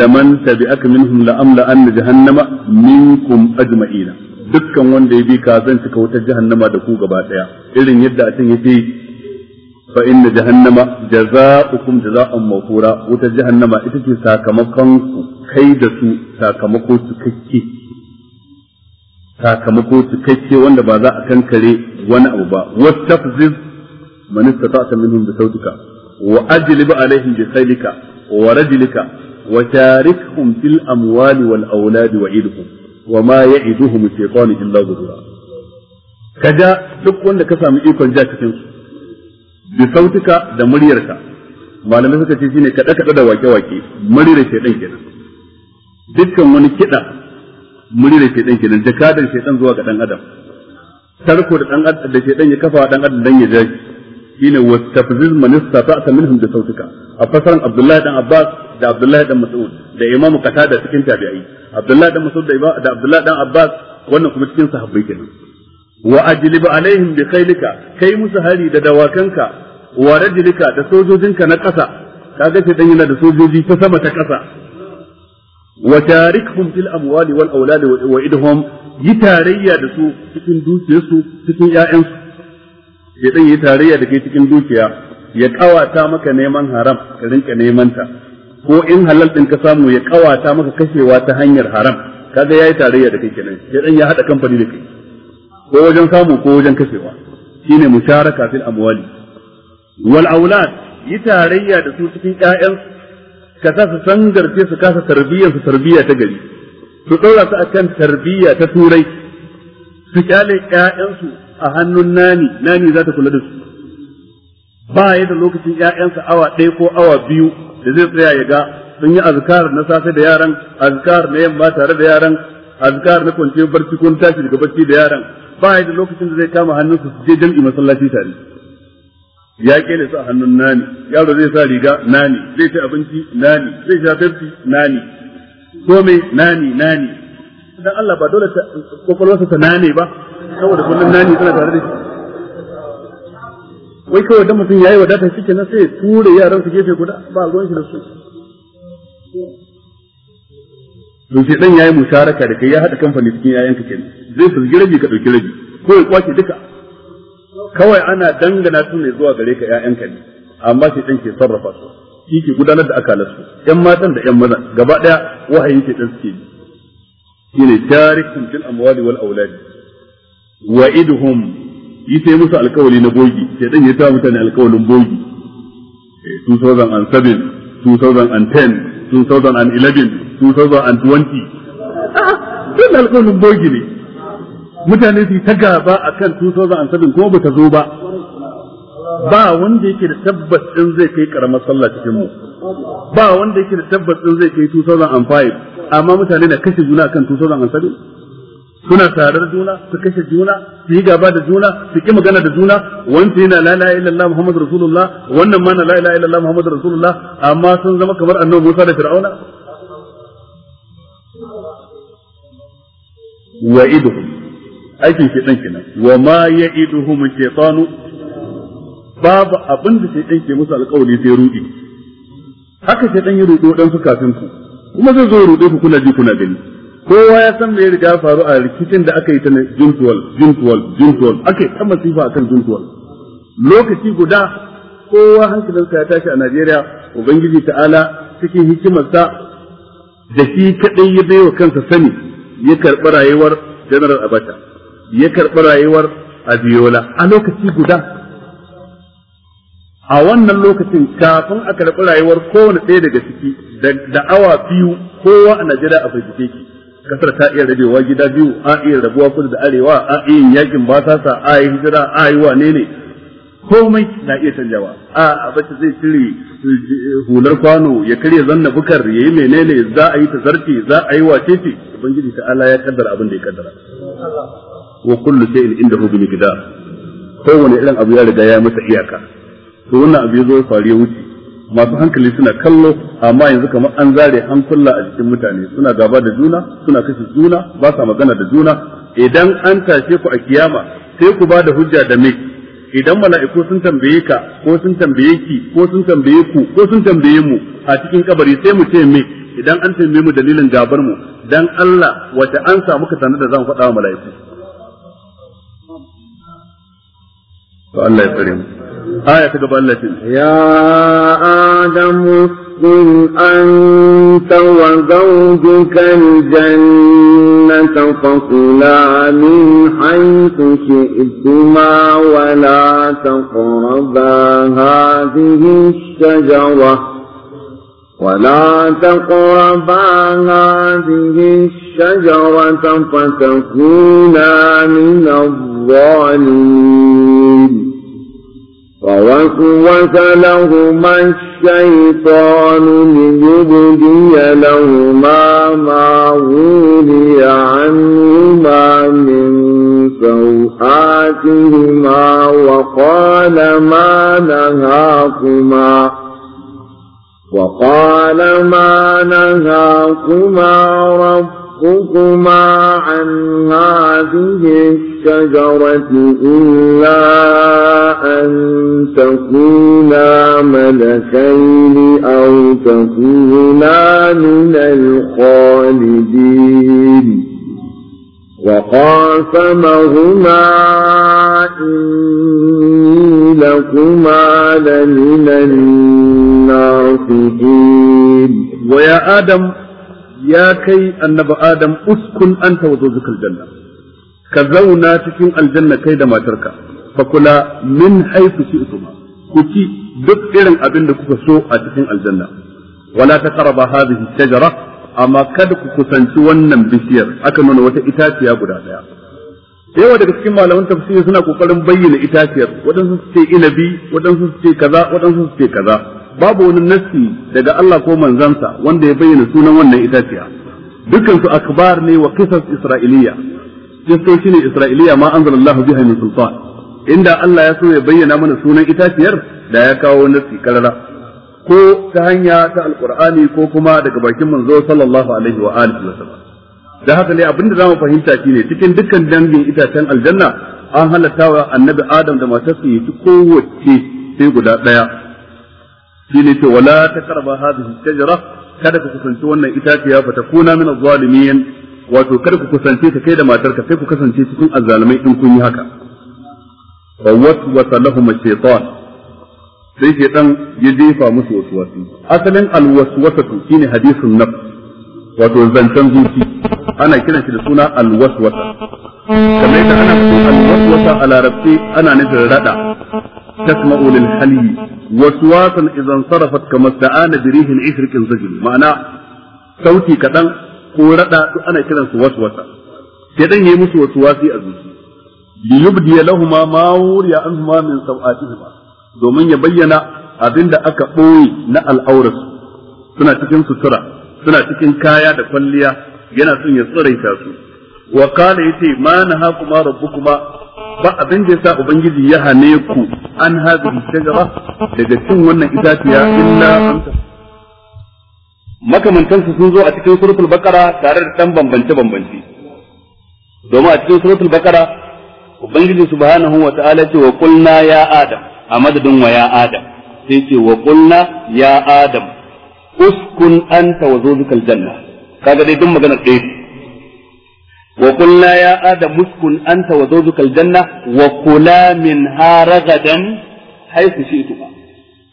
laman tabi'aka minhum la amla an jahannama minkum ajma'ina dukkan wanda ya bi ka zan cika wutar jahannama da ku gaba daya irin yadda a can yace fa inna jahannama jaza'ukum jaza'an mawfura wutar jahannama ita ce sakamakon ku kai da su sakamako cikakke sakamako cikakke wanda ba za a kankare wani abu ba wastafziz man istata'ta minhum bi sautika wa ajlib alaihim bi khaylika wa rajlika wa tarikhum fil amwali wal awlad wa idhum wa ma ya'iduhum ash-shaytanu illa ghurura kaga duk wanda ka samu ikon ja cikin su bi sautuka da muryarka malamai suka ce shine kada kada da wake wake muryar shedan kenan dukkan wani kida muryar shedan kenan jakadan shedan zuwa ga dan adam tarko da dan adam da shedan ya kafa dan adam dan ya jaji shine wastafziz man istata'ta minhum bi sautika a fasaran Abdullahi dan Abbas da Abdullahi dan Mas'ud da Imam Qatada cikin tabi'i Abdullahi dan Mas'ud da Abdullahi dan Abbas wannan kuma cikin sahabbai kenan wa ajlib alaihim bi khaylika kai musu hari da dawakanka wa rajlika da sojojinka na kasa kaga sai dan yana da sojoji ta sama ta kasa wa tarikhum fil amwali wal awlad wa idhum yi tarayya da su cikin dukiyarsu cikin ƴaƴansu ya dan yi tarayya da kai cikin dukiya ya kawata maka neman haram ka rinka neman ta ko in halal din ka samu ya kawata maka kashewa ta hanyar haram kaga yayi tarayya da kai kenan ya dan ya hada kamfani da kai ko wajen samu ko wajen kashewa shine musharaka fil amwali wal aulad yi tarayya da su cikin ƴaƴan ka sa su sangarce su kasa tarbiyyar su tarbiyya ta gari su ɗora su akan tarbiyya ta turai su kyale ƴaƴansu a hannun nani nani za ta kula da su ba ya da lokacin ƴaƴansa awa ɗaya ko awa biyu da zai tsaya ya ga sun yi azkar na safe da yaran azkar na yamma tare da yaran azkar na kwanciyar barci ko tashi daga barci da yaran ba ya da lokacin da zai kama hannun su je jam'i masallaci tare ya kele su a hannun nani yaro zai sa riga nani zai ci abinci nani zai sha fefti nani ko mai nani nani dan Allah ba dole kokolwarsa ta nane ba saboda kullun nani tana tare da shi wai kawai dan mutum yayi wadata cikin nan sai ture yaran su gefe guda ba ruwan shi da su to shi dan yayi musharaka da kai ya hada kamfani cikin yayan ka kenan zai su rabi ka dauki rabi ko ya kwace duka kawai ana dangana su ne zuwa gare ka yayan ka ne amma shi dan ke sarrafa su shi ke gudanar da akalarsu yan matan da yan mazan gaba daya wahayi ke dan suke yi shine tarikum fil amwali wal aulad wa'iduhum yi sai musu alkawali na bogi sai dan ya ta mutane alkawalin bogi 2007 2010 2011 2020 duk alkawalin bogi ne mutane su ta gaba a akan 2007 kuma bata zo ba ba wanda yake da tabbas din zai kai karamar sallah cikin mu ba wanda yake da tabbas din zai kai 2005 amma mutane na kashe juna akan 2007 suna tarar juna su kashe juna su yi gaba da juna su ki magana da juna wanda yana la ilaha illallah Muhammadu rasulullah wannan ma na la ilaha illallah Muhammadu rasulullah amma sun zama kamar annabi Musa da Fir'auna wa'iduhum aikin dan kenan wa ma ya'iduhum shaytanu babu abin da shedan ke musu alƙawari sai rudi haka sai dan ya rudo dan su kafin ku kuma zai zo ya ku kuna ji kuna gani kowa ya san me ya riga faru a rikicin da aka yi ta juntuwal juntuwal juntuwal aka yi ta masifa akan juntuwal lokaci guda kowa hankalinsa ya tashi a Najeriya ubangiji ta'ala cikin hikimarsa da shi kadai ya baiwa kansa sani ya karɓi rayuwar General Abacha ya karɓi rayuwar Abiola a lokaci guda a wannan lokacin kafin a karɓi rayuwar kowane ɗaya daga ciki da awa biyu kowa a Najeriya a firgice ki kasar ta iya rabewa gida biyu a iya rabuwa kudu da arewa a iya yin yakin sa, a yi hijira a yi wane ne komai na iya canjawa a abace zai cire eh, hular kwano ya karya zanna bukar ya yi menene za a yi ta zarce za a yi wace ce ubangiji ta Allah ya kaddara abin da ya kaddara wa kullu shay'in indahu bi gida kowane irin abu ya riga ya masa iyaka to wannan abu ya zo faru ya wuce masu hankali suna kallo amma yanzu kamar an zare an kulla a cikin mutane suna gaba da juna suna kashe juna ba sa magana da juna idan an tashe ku a kiyama sai ku ba da hujja da me idan mala'iku sun tambaye ka ko sun tambaye ki ko sun tambaye ku ko sun tambaye mu a cikin kabari sai mu ce me idan an tambaye mu dalilin gabar mu dan Allah wace an samu ka sanar da zan faɗa wa mala'iku to Allah ya tsare mu آية تقبل يا آدم اسكن أنت وزوجك الجنة فكلا من حيث شئتما ولا تقربا هذه الشجرة ولا تقربا هذه الشجرة فتكونا من الظالمين فوسوس لهما الشيطان ليبدي لهما ما ولي عنهما من سوحاتهما وقال ما نهاكما وقال ما نهاكما رب ربكما عن هذه الشجرة إلا أن تكونا ملكين أو تكونا من الخالدين وقاسمهما إني لكما لمن الناصحين ويا آدم ya kai annabi adam uskun anta wa zawjukal janna ka zauna cikin aljanna kai da matarka fa kula min haythu shi'tuma ku ci duk irin abin da kuka so a cikin aljanna wala taqrabu hadhihi shajara amma kada ku kusanci wannan bishiyar aka nuna wata itaciya guda daya yawa daga cikin malaman tafsiri suna kokarin bayyana itaciyar waɗansu su ce inabi waɗansu su ce kaza waɗansu su ce kaza babu wani nassi daga Allah ko manzansa wanda ya bayyana sunan wannan itaciya dukansu akbar ne wa qisas isra'iliya kistoci ne isra'iliya ma anzalallahu biha min sultan inda Allah ya so ya bayyana mana sunan itaciyar da ya kawo nassi karara ko ta hanya ta alqur'ani ko kuma daga bakin manzo sallallahu alaihi wa alihi wa sallam da haka ne abinda zamu fahimta shine cikin dukkan dangin itacen aljanna an halatta wa annabi adam da matarsa yi kowace sai guda daya shi ne ce wala takarba hadhihi shajara kada ku kusanci wannan itaciya fa takuna min az-zalimin wato kada ku kusance ta kai da matarka sai ku kasance cikin azzalimai in kun yi haka fa waswasa lahum ash-shaytan sai shaytan ya jefa musu waswasi asalin al-waswasatu shine hadithun nafs wato zancen zuci ana kiran shi da suna al-waswasa kamar yadda ana fito al-waswasa a larabci ana nufin rada Tas ma'olin تسمع للحلي وسواسا إذا انصرفت كما استعان birihin عشرك زجل معنى sauti kaɗan ko raɗa duk ana kiran su waswasa sai ya yayi musu waswasi a zuci ya yubdi lahumma ma wuriya anhuma min sawatihima domin ya bayyana abin da aka ɓoye na al'aurar suna cikin sutura suna cikin kaya da kwalliya yana son ya tsiraita su wa qala yace ma nahakuma rabbukuma ba abin da yasa ubangiji ya hane ku an da shajara daga cin wannan itatiya illa makamantan su sun zo a cikin suratul baqara tare da dan bambance bambance domin a cikin suratul baqara ubangiji subhanahu wa ta'ala ce wa qulna ya adam a madadin wa ya adam sai ce wa qulna ya adam uskun anta wa zawjukal janna kaga dai duk maganar ɗaya ya وقلنا يا آدم اسكن أنت وزوجك الجنة وكلا منها رغدا حيث شئتما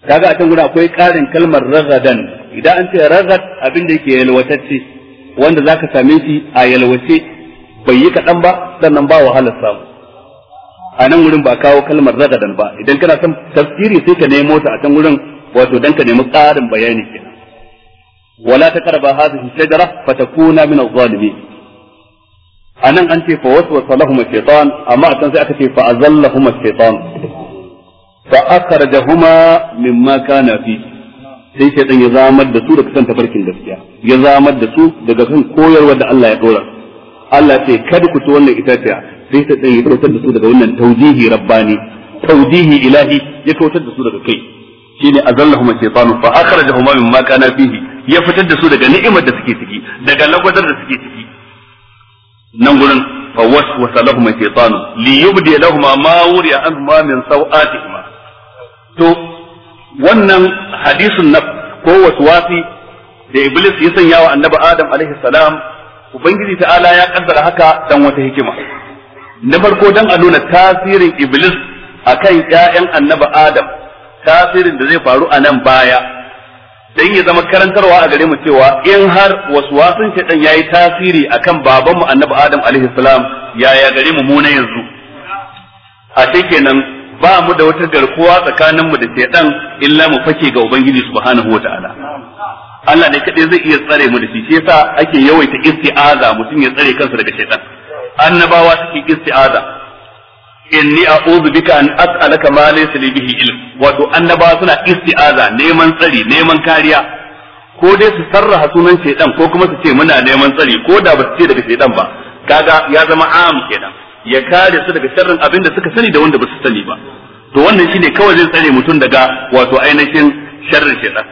kaga a can guda akwai ƙarin kalmar ragadan idan an ce ragad abin da yake yalwatacce wanda zaka same shi a yalwace bai yi kaɗan ba sannan ba wahalar samu a nan wurin ba kawo kalmar ragadan ba idan kana son tafsiri sai ka nemo ta a can wurin wato dan ka nemi ƙarin bayani kenan wala taqrabu hadhihi shajara fatakuna min adh-dhalimin anan an ce fa waswasa lahum shaytan amma a can sai aka ce fa azallahum shaytan fa akhrajahuma mimma kana fi sai shaytan ya zamar da su daga kan tafarkin gaskiya ya zamar da su daga kan koyarwa da Allah ya dora Allah ce kada ku ci wannan itaciya sai shaytan ya kautar da su daga wannan tawjihi rabbani tawjihi ilahi ya kautar da su daga kai shine azallahum shaytan fa akhrajahuma mimma kana fihi ya fitar da su daga ni'imar da suke ciki daga lagwadar da suke ciki nan gurin fa waswasa lahum shaytan li yubdi lahum ma an ma min to wannan hadisin na ko waswasi da iblis ya sanya wa annabi adam alaihi salam ubangiji ta'ala ya kaddara haka dan wata hikima na farko dan a nuna tasirin iblis akan ƴaƴan annabi adam tasirin da zai faru a nan baya dan ya zama karantarwa a gare mu cewa in har wasu waswasin ya yi tasiri a kan babanmu annabi adam alaihi salam yaya gare mu mu yanzu a kenan ba mu da wata garkuwa tsakanin mu da shaitan illa mu fake ga ubangiji subhanahu wataala Allah ne kadai zai iya tsare mu da shi shi yasa ake yawaita isti'aza mutum ya tsare kansa daga shaitan annabawa suke isti'aza inni a'udhu bika an as'alaka ma laysa li bihi ilm wato annaba suna isti'aza neman tsari neman kariya ko dai su sarraha sunan shaydan ko kuma su ce muna neman tsari ko da ba su ce daga shaydan ba kaga ya zama am kenan ya kare su daga sharrin abin da suka sani da wanda ba su sani ba to wannan shine kawai zai tsare mutum daga wato ainihin sharrin shaydan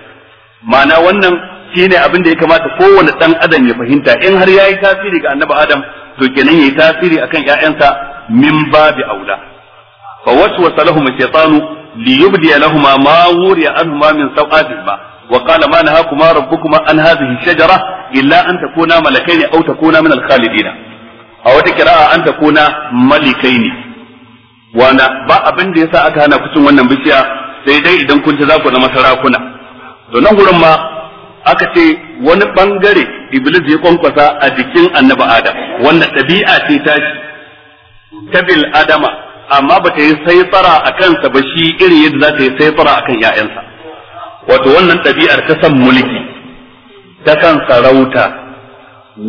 ma'ana wannan shine abin da ya kamata kowane dan adam ya fahimta in har yayi tasiri ga annabi adam to kenan yayi tasiri akan ƴaƴansa min babi aula fa waswasa lahum ash-shaytanu liyubdi lahum ma wuriya anhuma min sawatihima wa qala ma nahakuma rabbukuma an hadhihi ash-shajara illa an takuna malakaini aw takuna min al-khalidina a wata kira'a an takuna malikaini wana ba abin da yasa aka hana kucin wannan bishiya sai dai idan kun ci za ku zama sarakuna to nan wurin ma aka ce wani bangare iblis ya kwankwasa a jikin annabi adam wanda ɗabi'a ce tashi ta bil adama amma ba ta yi saifara a kansa ba shi irin yadda za ta yi saifara a kan ‘ya'yansa wato wannan ɗabi'ar ta san mulki ta kan sarauta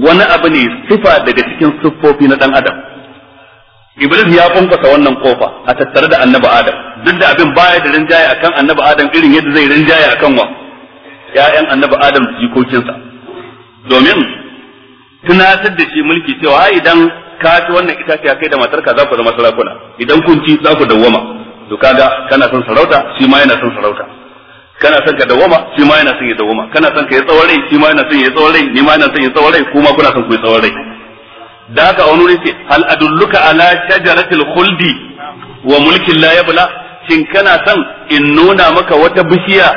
wani abu ne sifa daga cikin siffofi na ɗan adam iblis ya kunkusa wannan kofa a tattare da annabi adam duk da abin baya da rinjaye akan annabi adam irin yadda zai rinjaye akan wa 'ya'yan annabi adam jikokinsa domin tunatar da shi mulki cewa idan ka ci wannan itace kai da matarka za ku zama sarakuna idan kun ci za ku dawwama to kaga kana son sarauta shi ma yana son sarauta kana son ka dawwama shi ma yana son ya dawwama kana son ka yi tsawon rai shi ma yana son ya tsawon rai ni ma yana son ya tsawon rai kuma kuna son ku yi tsawon rai da haka a wani ce hal adulluka ala shajaratil khuldi wa mulkin la yabla shin kana son in nuna maka wata bishiya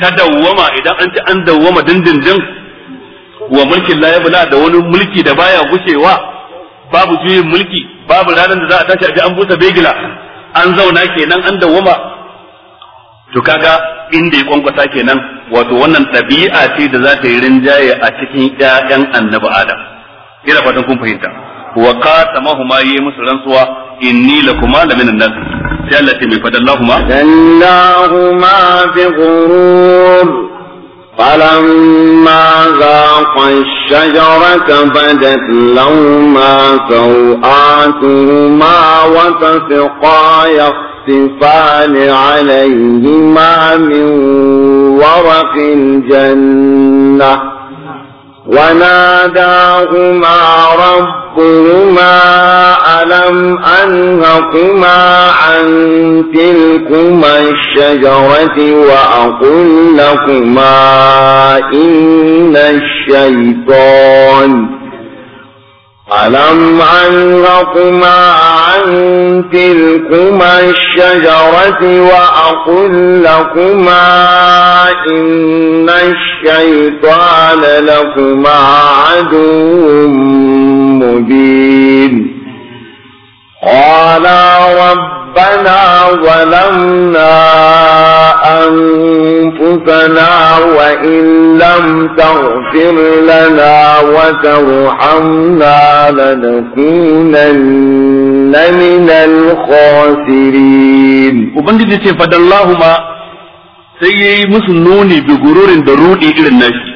ta dawwama idan an ci an dawwama dindindin wa mulkin la yabla da wani mulki da baya gushewa babu juyin mulki babu ranar da za a tashi a ji an busa begila an zauna kenan an dawwama to kaga inda ya kwankwasa kenan wato wannan ɗabi'a ce da za ta yi rinjaye a cikin ƴaƴan annabi adam ina fatan kun fahimta wa ta yi musu rantsuwa inni lakuma laminan nan. sai Allah mai fadallahuma dallahuma bi ghurur فلما ذاق الشجرة بدت لهما سوآتهما وتفقا يختفان عليهما من ورق الجنة وناداهما رب ربكما ألم أنهقما عن تلكما الشجرة وأقول لكما إن الشيطان ألم أنهقما عن تلكما الشجرة وأقل لكما إن الشيطان لكما عدو مبين قال ربنا ظلمنا أنفسنا وإن لم تغفر لنا وترحمنا لنكونن من الخاسرين وبنجد سيفد اللهم sai ya yi musu nuni da gururin da rudi irin nashi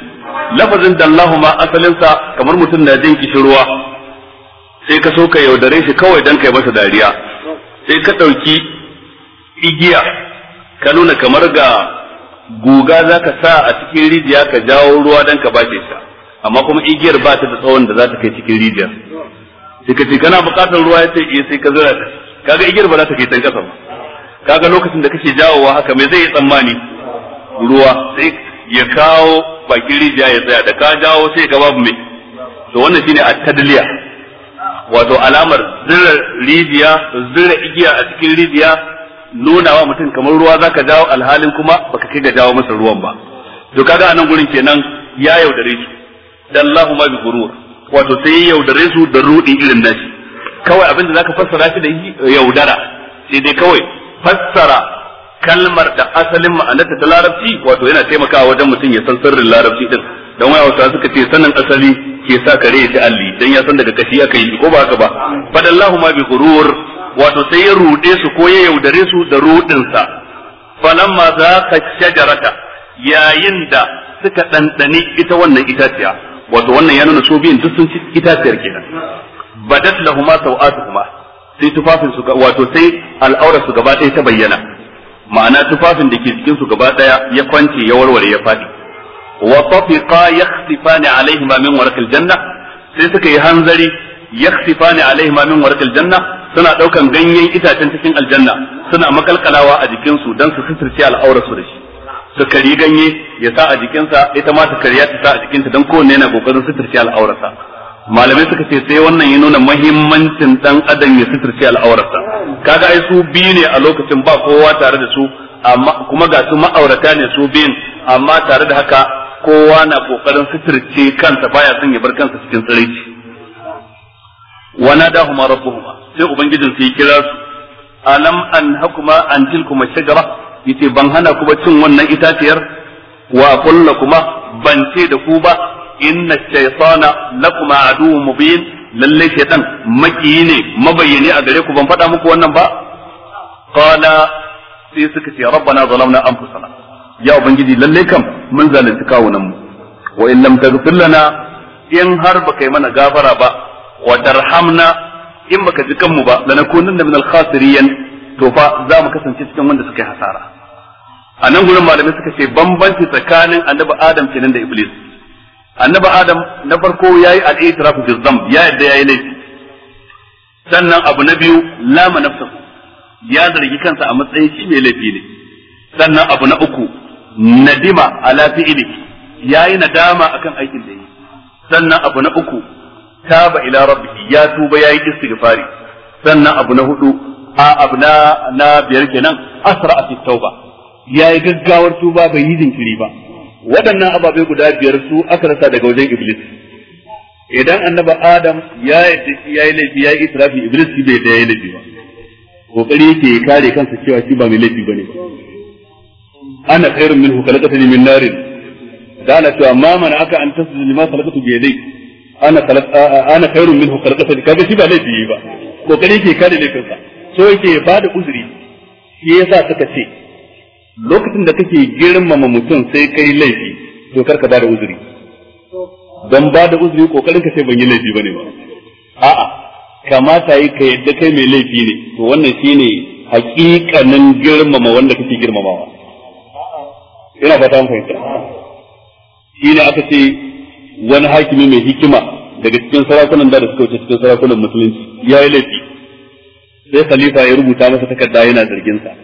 lafazin da Allahuma asalinsa kamar mutum na jin kishirwa sai ka so ka yaudare shi kawai dan kai masa dariya sai ka ɗauki igiya ka nuna kamar ga guga za ka sa a cikin rijiya ka jawo ruwa dan ka bace ta amma kuma igiyar ba ta da tsawon da za ta kai cikin rijiya. sai ka ce kana buƙatar ruwa ya ce eh, sai ka zura kaga igiyar ba za ta kai can kasa ba kaga lokacin da kake jawowa haka me zai yi tsammani ruwa sai ya kawo bakin rijiya ya tsaya da ka jawo sai ka babu me to wannan shine at-tadliya wato alamar zira ribiya zira igiya a cikin ribiya nuna wa mutum kamar ruwa za ka jawo alhalin kuma baka kai ga jawo masa ruwan ba to kaga anan gurin kenan ya yaudare su lahu ma bi gurur wato sai ya yaudare su da rudi irin nashi kawai abin da zaka fassara shi da yaudara sai dai kawai fassara kalmar da asalin ma'anarta ta larabci wato yana taimakawa wajen mutum ya san sirrin larabci din don wai hausa suka ce sanin asali ke sa kare ya alli dan ya san daga kashi aka yi ko ba haka ba fadallahu ma bi ghurur wato sai ya rude su ko ya yaudare su da rudin sa falamma zaqa shajarata yayin da suka dandani ita wannan itaciya wato wannan ya nuna su biyun duk sun ci itaciyar kenan badat lahuma sawatuhuma sai tufafin su wato sai al'aura su gaba ɗaya ta bayyana ma'ana tufafin da ke cikin su gaba ɗaya ya kwance ya warware ya faɗi wa tafiqa yakhsifani alaihima min warqil janna sai suka yi hanzari yakhsifani alaihima min warqil janna suna ɗaukan ganyen itacen cikin aljanna suna makalkalawa a jikinsu don su suturce al'aurar su da shi su kari ganye ya sa a jikinsa ita ma ta kariya ta sa a jikinta dan kowanne yana kokarin suturce al'aurarsa malamai suka ce sai wannan ya nuna mahimmancin dan adam ya suturce al'aurarsa kaga ai su biyu ne a lokacin ba kowa tare da su amma kuma ga su ma'aurata ne su biyun amma tare da haka kowa na kokarin suturce kansa baya son ya bar kansa cikin tsiraici wa nadahuma rabbuhuma sai ubangijin sai kira su alam hakuma an tilkuma shajara yace ban hana ku ba cin wannan itaciyar wa kullu kuma ban ce da ku ba inna shaytana lakuma aduwwun mubin lalle shaytan makiyi ne a gare ku ban faɗa muku wannan ba qala sai suka ce rabbana zalamna anfusana ya ubangiji lalle kam mun zalunci kawunan mu wa in lam taghfir lana in har baka yi mana gafara ba wa tarhamna in baka ji kanmu ba lanakunanna min al-khasiriyan to fa za mu kasance cikin wanda suka yi hasara a nan gurin malamai suka ce bambanci tsakanin annabi adam kenan da iblis annabi adam na farko yayi al-i'tirafu bi dhanb ya yadda yayi laifi sannan abu na biyu lama nafsahu ya zargi kansa a matsayin shi mai laifi ne sannan abu na uku nadima ala fi'ili yayi nadama akan aikin da yi sannan abu na uku taba ila rabbi ya tuba yayi istighfari sannan abu na hudu a abu na biyar kenan asra fi tauba yayi gaggawar tuba bai yi jinkiri ba waɗannan ababe guda biyar su aka rasa daga wajen iblis idan annaba adam ya yi laifi ya yi israfi iblis bai da ya yi laifi ba kokari yake kare kansa cewa shi ba mai laifi bane ana khairun minhu khalaqatani min narin da ana cewa ma mana aka an tasjudu lima khalaqatu bi yadayk ana ana khairun minhu khalaqatani kaga shi ba laifi ba kokari ke kare laifinsa so yake ba da uzuri shi yasa suka ce lokacin da kake girmama mutum sai kai laifi to karka ba da uzuri don ba da uzuri kokarin ka sai ban yi laifi bane ba a'a kamata yi ka yadda kai mai laifi ne to wannan shine hakikanin girmama wanda kake girmamawa ina ba ta fahimta shi ne aka ce wani hakimi mai hikima daga cikin sarakunan da suka wuce cikin sarakunan musulunci ya yi laifi sai khalifa ya rubuta masa takarda yana zarginsa sa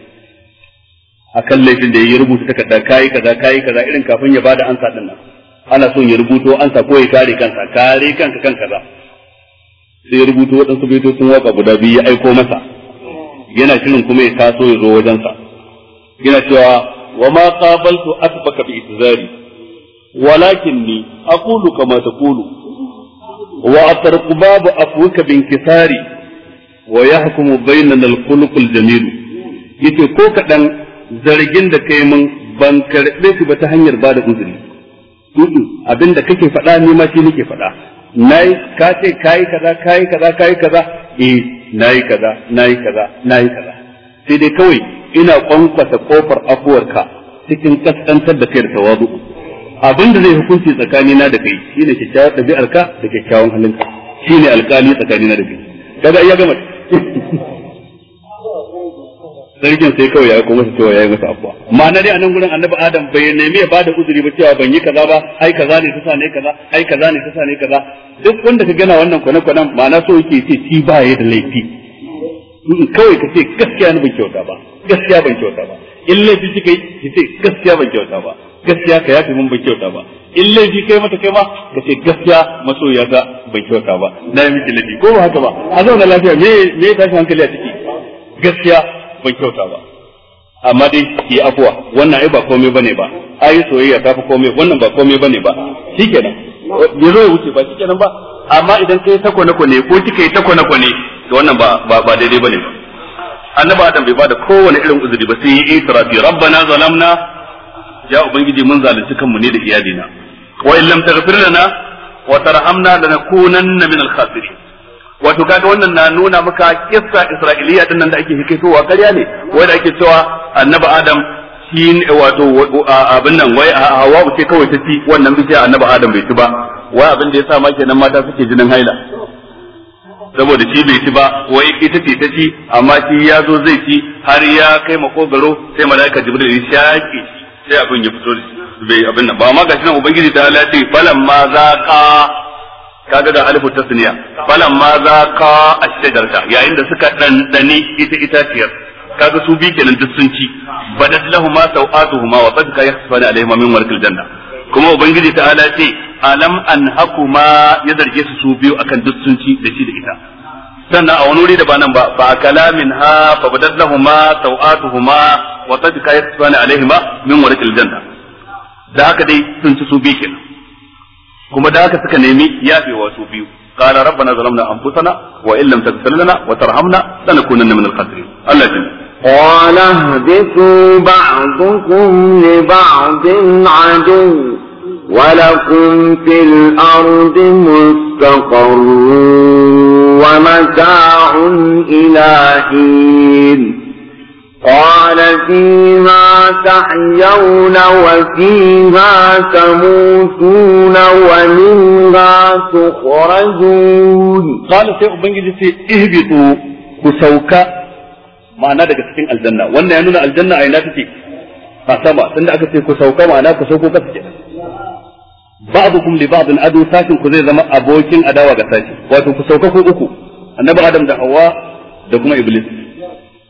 akan laifin da ya rubuta takarda kai kaza kai kaza irin kafin ya bada ansa din nan ana son ya rubuto ansa ko ya kare kansa kare kanka kan kaza sai ya rubuto waɗansu baitocin waka guda biyu ya aiko masa yana shirin kuma ya taso ya zo wajensa yana cewa وما قابلت أسبك بإتزاري ولكني أقول كما تقول وأطرق باب أفوك بانكساري ويحكم بيننا الخلق الجميل yace ko kaɗan zargin da kai mun ban karɓe shi ba ta hanyar ba da uzuri abin da kake faɗa ni ma shi nake faɗa Na yi. ka ce ka yi kaza ka yi kaza ka yi kaza eh na yi kaza na yi kaza na yi kaza sai dai kawai ina kwankwasa kofar afuwarka cikin kaskantar da kai da tawazu abin da zai hukunci tsakanina da kai shine kyakkyawar ɗabi'arka da kyakkyawan halinka shine alkali tsakanina da kai daga iya gama sarkin sai kawai ya kuma cewa ya yi masa afuwa ma'ana dai a nan gurin annabi adam bai nemi ya bada uzuri ba cewa ban yi kaza ba ai kaza ne tasa ne kaza ai kaza ne tasa ne kaza duk wanda ka gana wannan kwane-kwanen ma'ana so yake ce shi ba ya da laifi kawai ka ce gaskiya ni ban kyauta ba gaskiya ban kyauta ba in laifi kika yi ki ce gaskiya ban kyauta ba gaskiya ka yafi mun ban kyauta ba in laifi kai mata kai ma ka ce gaskiya masoya ga ban kyauta ba na yi miki laifi ko ba haka ba a zauna lafiya me me tashin hankali a ciki gaskiya ban kyauta ba amma dai ki afuwa wannan ai ba komai bane ba ai soyayya ta fi komai wannan ba komai bane ba shikenan ne zo ya wuce ba shikenan ba amma idan kai ta kone kone ko kika yi ta kone kone to wannan ba ba daidai bane ba annabi adam bai bada kowane irin uzuri ba sai yi israfi rabbana zalamna ya ubangiji mun zalunci kanmu ne da iyalina wa in lam taghfir lana wa tarhamna lanakunanna min al-khasirin wato kaga wannan na nuna maka kissa isra'iliya din nan da ake hikaitowa ƙarya ne wai da ake cewa annabi adam shi wato abin nan wai hawa ce kawai ta ci wannan bishiya annabi adam bai ci ba wa abin da ya sa ma kenan mata suke jinin haila saboda shi bai ci ba wai ita ce ta ci amma shi ya zo zai ci har ya kai makogaro sai malaika jibril ya shaƙe sai abin ya fito bai abin nan ba amma gashi nan ubangiji ta ala ce falan ma za Ka kaga da alifu tasniya falan ma zaqa ash-shajarata yayin da suka dandane ita itaciyar kaga su bi kenan duk sun ci badat ma sawatuhuma wa qad ka yahsana min warqil janna kuma ubangiji ta ala ce alam an hakuma ya zarge su su biyu akan duk da shi da ita sannan a wani wuri da ba ba kalamin ha fa badat lahumu sawatuhuma wa tadka yasfana alaihima min warqil janna da haka dai sun ci su biyu kenan kuma da haka suka nemi yafewa su biyu قال ربنا ظلمنا انفسنا وان لم تغفر لنا وترحمنا لنكونن من الخاسرين الله جميل قال اهبطوا بعضكم لبعض عدو ولكم في الأرض مستقر ومتاع إلى حين قال فيها تحيون وفيها تموتون ومنها تخرجون قال الشيخ بن جديد اهبطوا كسوكا ما نادك الجنة وانا ينون الجنة اي لا تتي فاسما سنة اكتب كسوكا ما نادك كسوكا كتجنة ba'dukum li ba'din adu sakin ku zai zama abokin adawa ga sashi wato ku sauka ku uku annabi adam da hawa da kuma iblis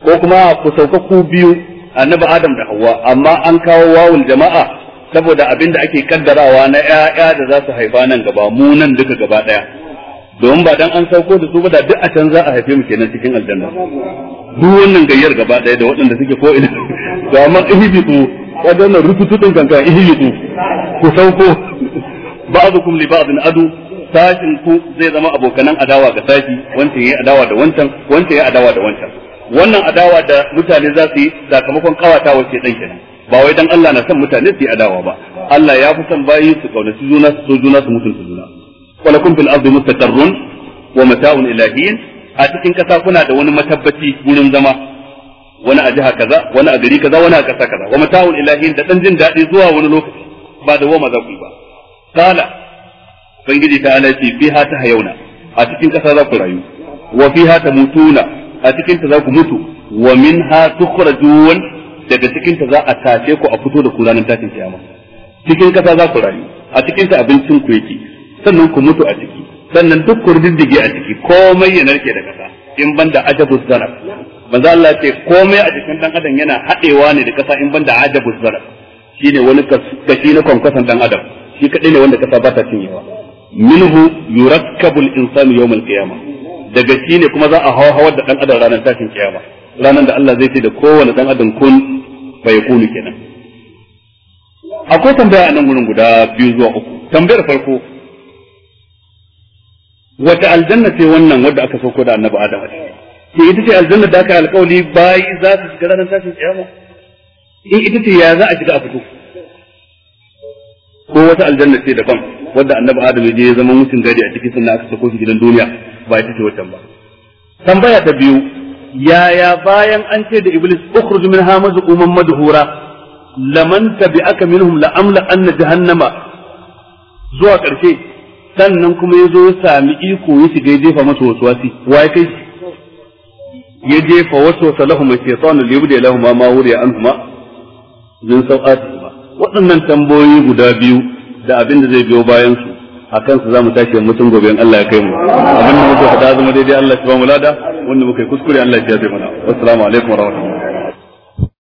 ko kuma ku sauka ku biyu annabi adam da hawa amma an kawo wawul jama'a saboda abin da ake kaddarawa na 'ya'ya da za su haifa nan gaba mu nan duka gaba daya domin ba dan an sauko da su ba da duk a can za a haife mu kenan cikin aljanna duk wannan gayyar gaba daya da waɗanda suke ko ina da amma ihibitu wadannan rutututun kankan ihibitu ku sauko ba'dukum li ba'din adu sashin ku zai zama abokanan adawa ga sashi wancan yayi adawa da wancan wancan yayi adawa da wancan wannan adawa da mutane za su yi sakamakon kawata ce dan kenan ba wai dan Allah na son mutane su yi adawa ba Allah ya fi son bayi su kaunaci juna su so juna su mutunta juna walakum fil ardi mustaqarrun wa mata'un ilahiyin a cikin kasa kuna da wani matabbaci wurin zama wani a jiha kaza wani a gari kaza wani a ƙasa kaza wa mata'un ilahin da dan jin daɗi zuwa wani lokaci ba da woma za ku yi ba qala ubangiji ta ala ce fiha ta hayuna a cikin kasa za ku rayu wa fiha tamutuna a cikin za ku mutu wa minha tukhrajun daga cikin ta za a tashe ku a fito da ku ranar tashin kiyama cikin kasa za ku rayu a cikin ta abincin ku yake sannan ku mutu a ciki sannan duk ku riddige a ciki komai ya narke da kasa in banda ajabus zarab manzo Allah ce komai a jikin dan adam yana hadewa ne da kasa in banda ajabus zarab shine wani kashi na kwankwasan dan adam shi kadai ne wanda kasa ba ta cinyewa minhu yurakkabu al-insanu yawm al-qiyamah daga shi ne kuma za a hawa hawa da dan adam ranar tashin kiyama ranar da Allah zai ce da kowane dan adam kun bai kunu kenan akwai tambaya a nan gurin guda biyu zuwa uku tambayar farko wata aljanna ce wannan wadda aka sauko da annabi adam a ciki ita ce aljanna da aka alƙawari bayi za su shiga ranar tashin kiyama in ita ce ya za a shiga a fito ko wata aljanna ce daban wadda annabi adam ya je ya zama mutum gari a cikin sannan aka sako shi gidan duniya ba ita ce wancan ba tambaya ta biyu yaya bayan an ce da iblis ukhruj min hamazu umman madhura laman tabi'aka minhum la amla anna jahannama zuwa karshe sannan kuma yazo ya sami iko ya shiga ya jefa masa waswasi waye kai ya jefa wasu waswasa lahum shaytanu liyubdi lahum ma wuriya anhuma min sawatihim waɗannan tambayoyi guda biyu da abin da zai biyo bayan su a kansu za mu tashi mutum gobe in Allah ya kai mu abin da muka faɗa zama daidai Allah ya ba mu lada wanda muka yi kuskure Allah ya jabe mana assalamu alaikum rahmatullahi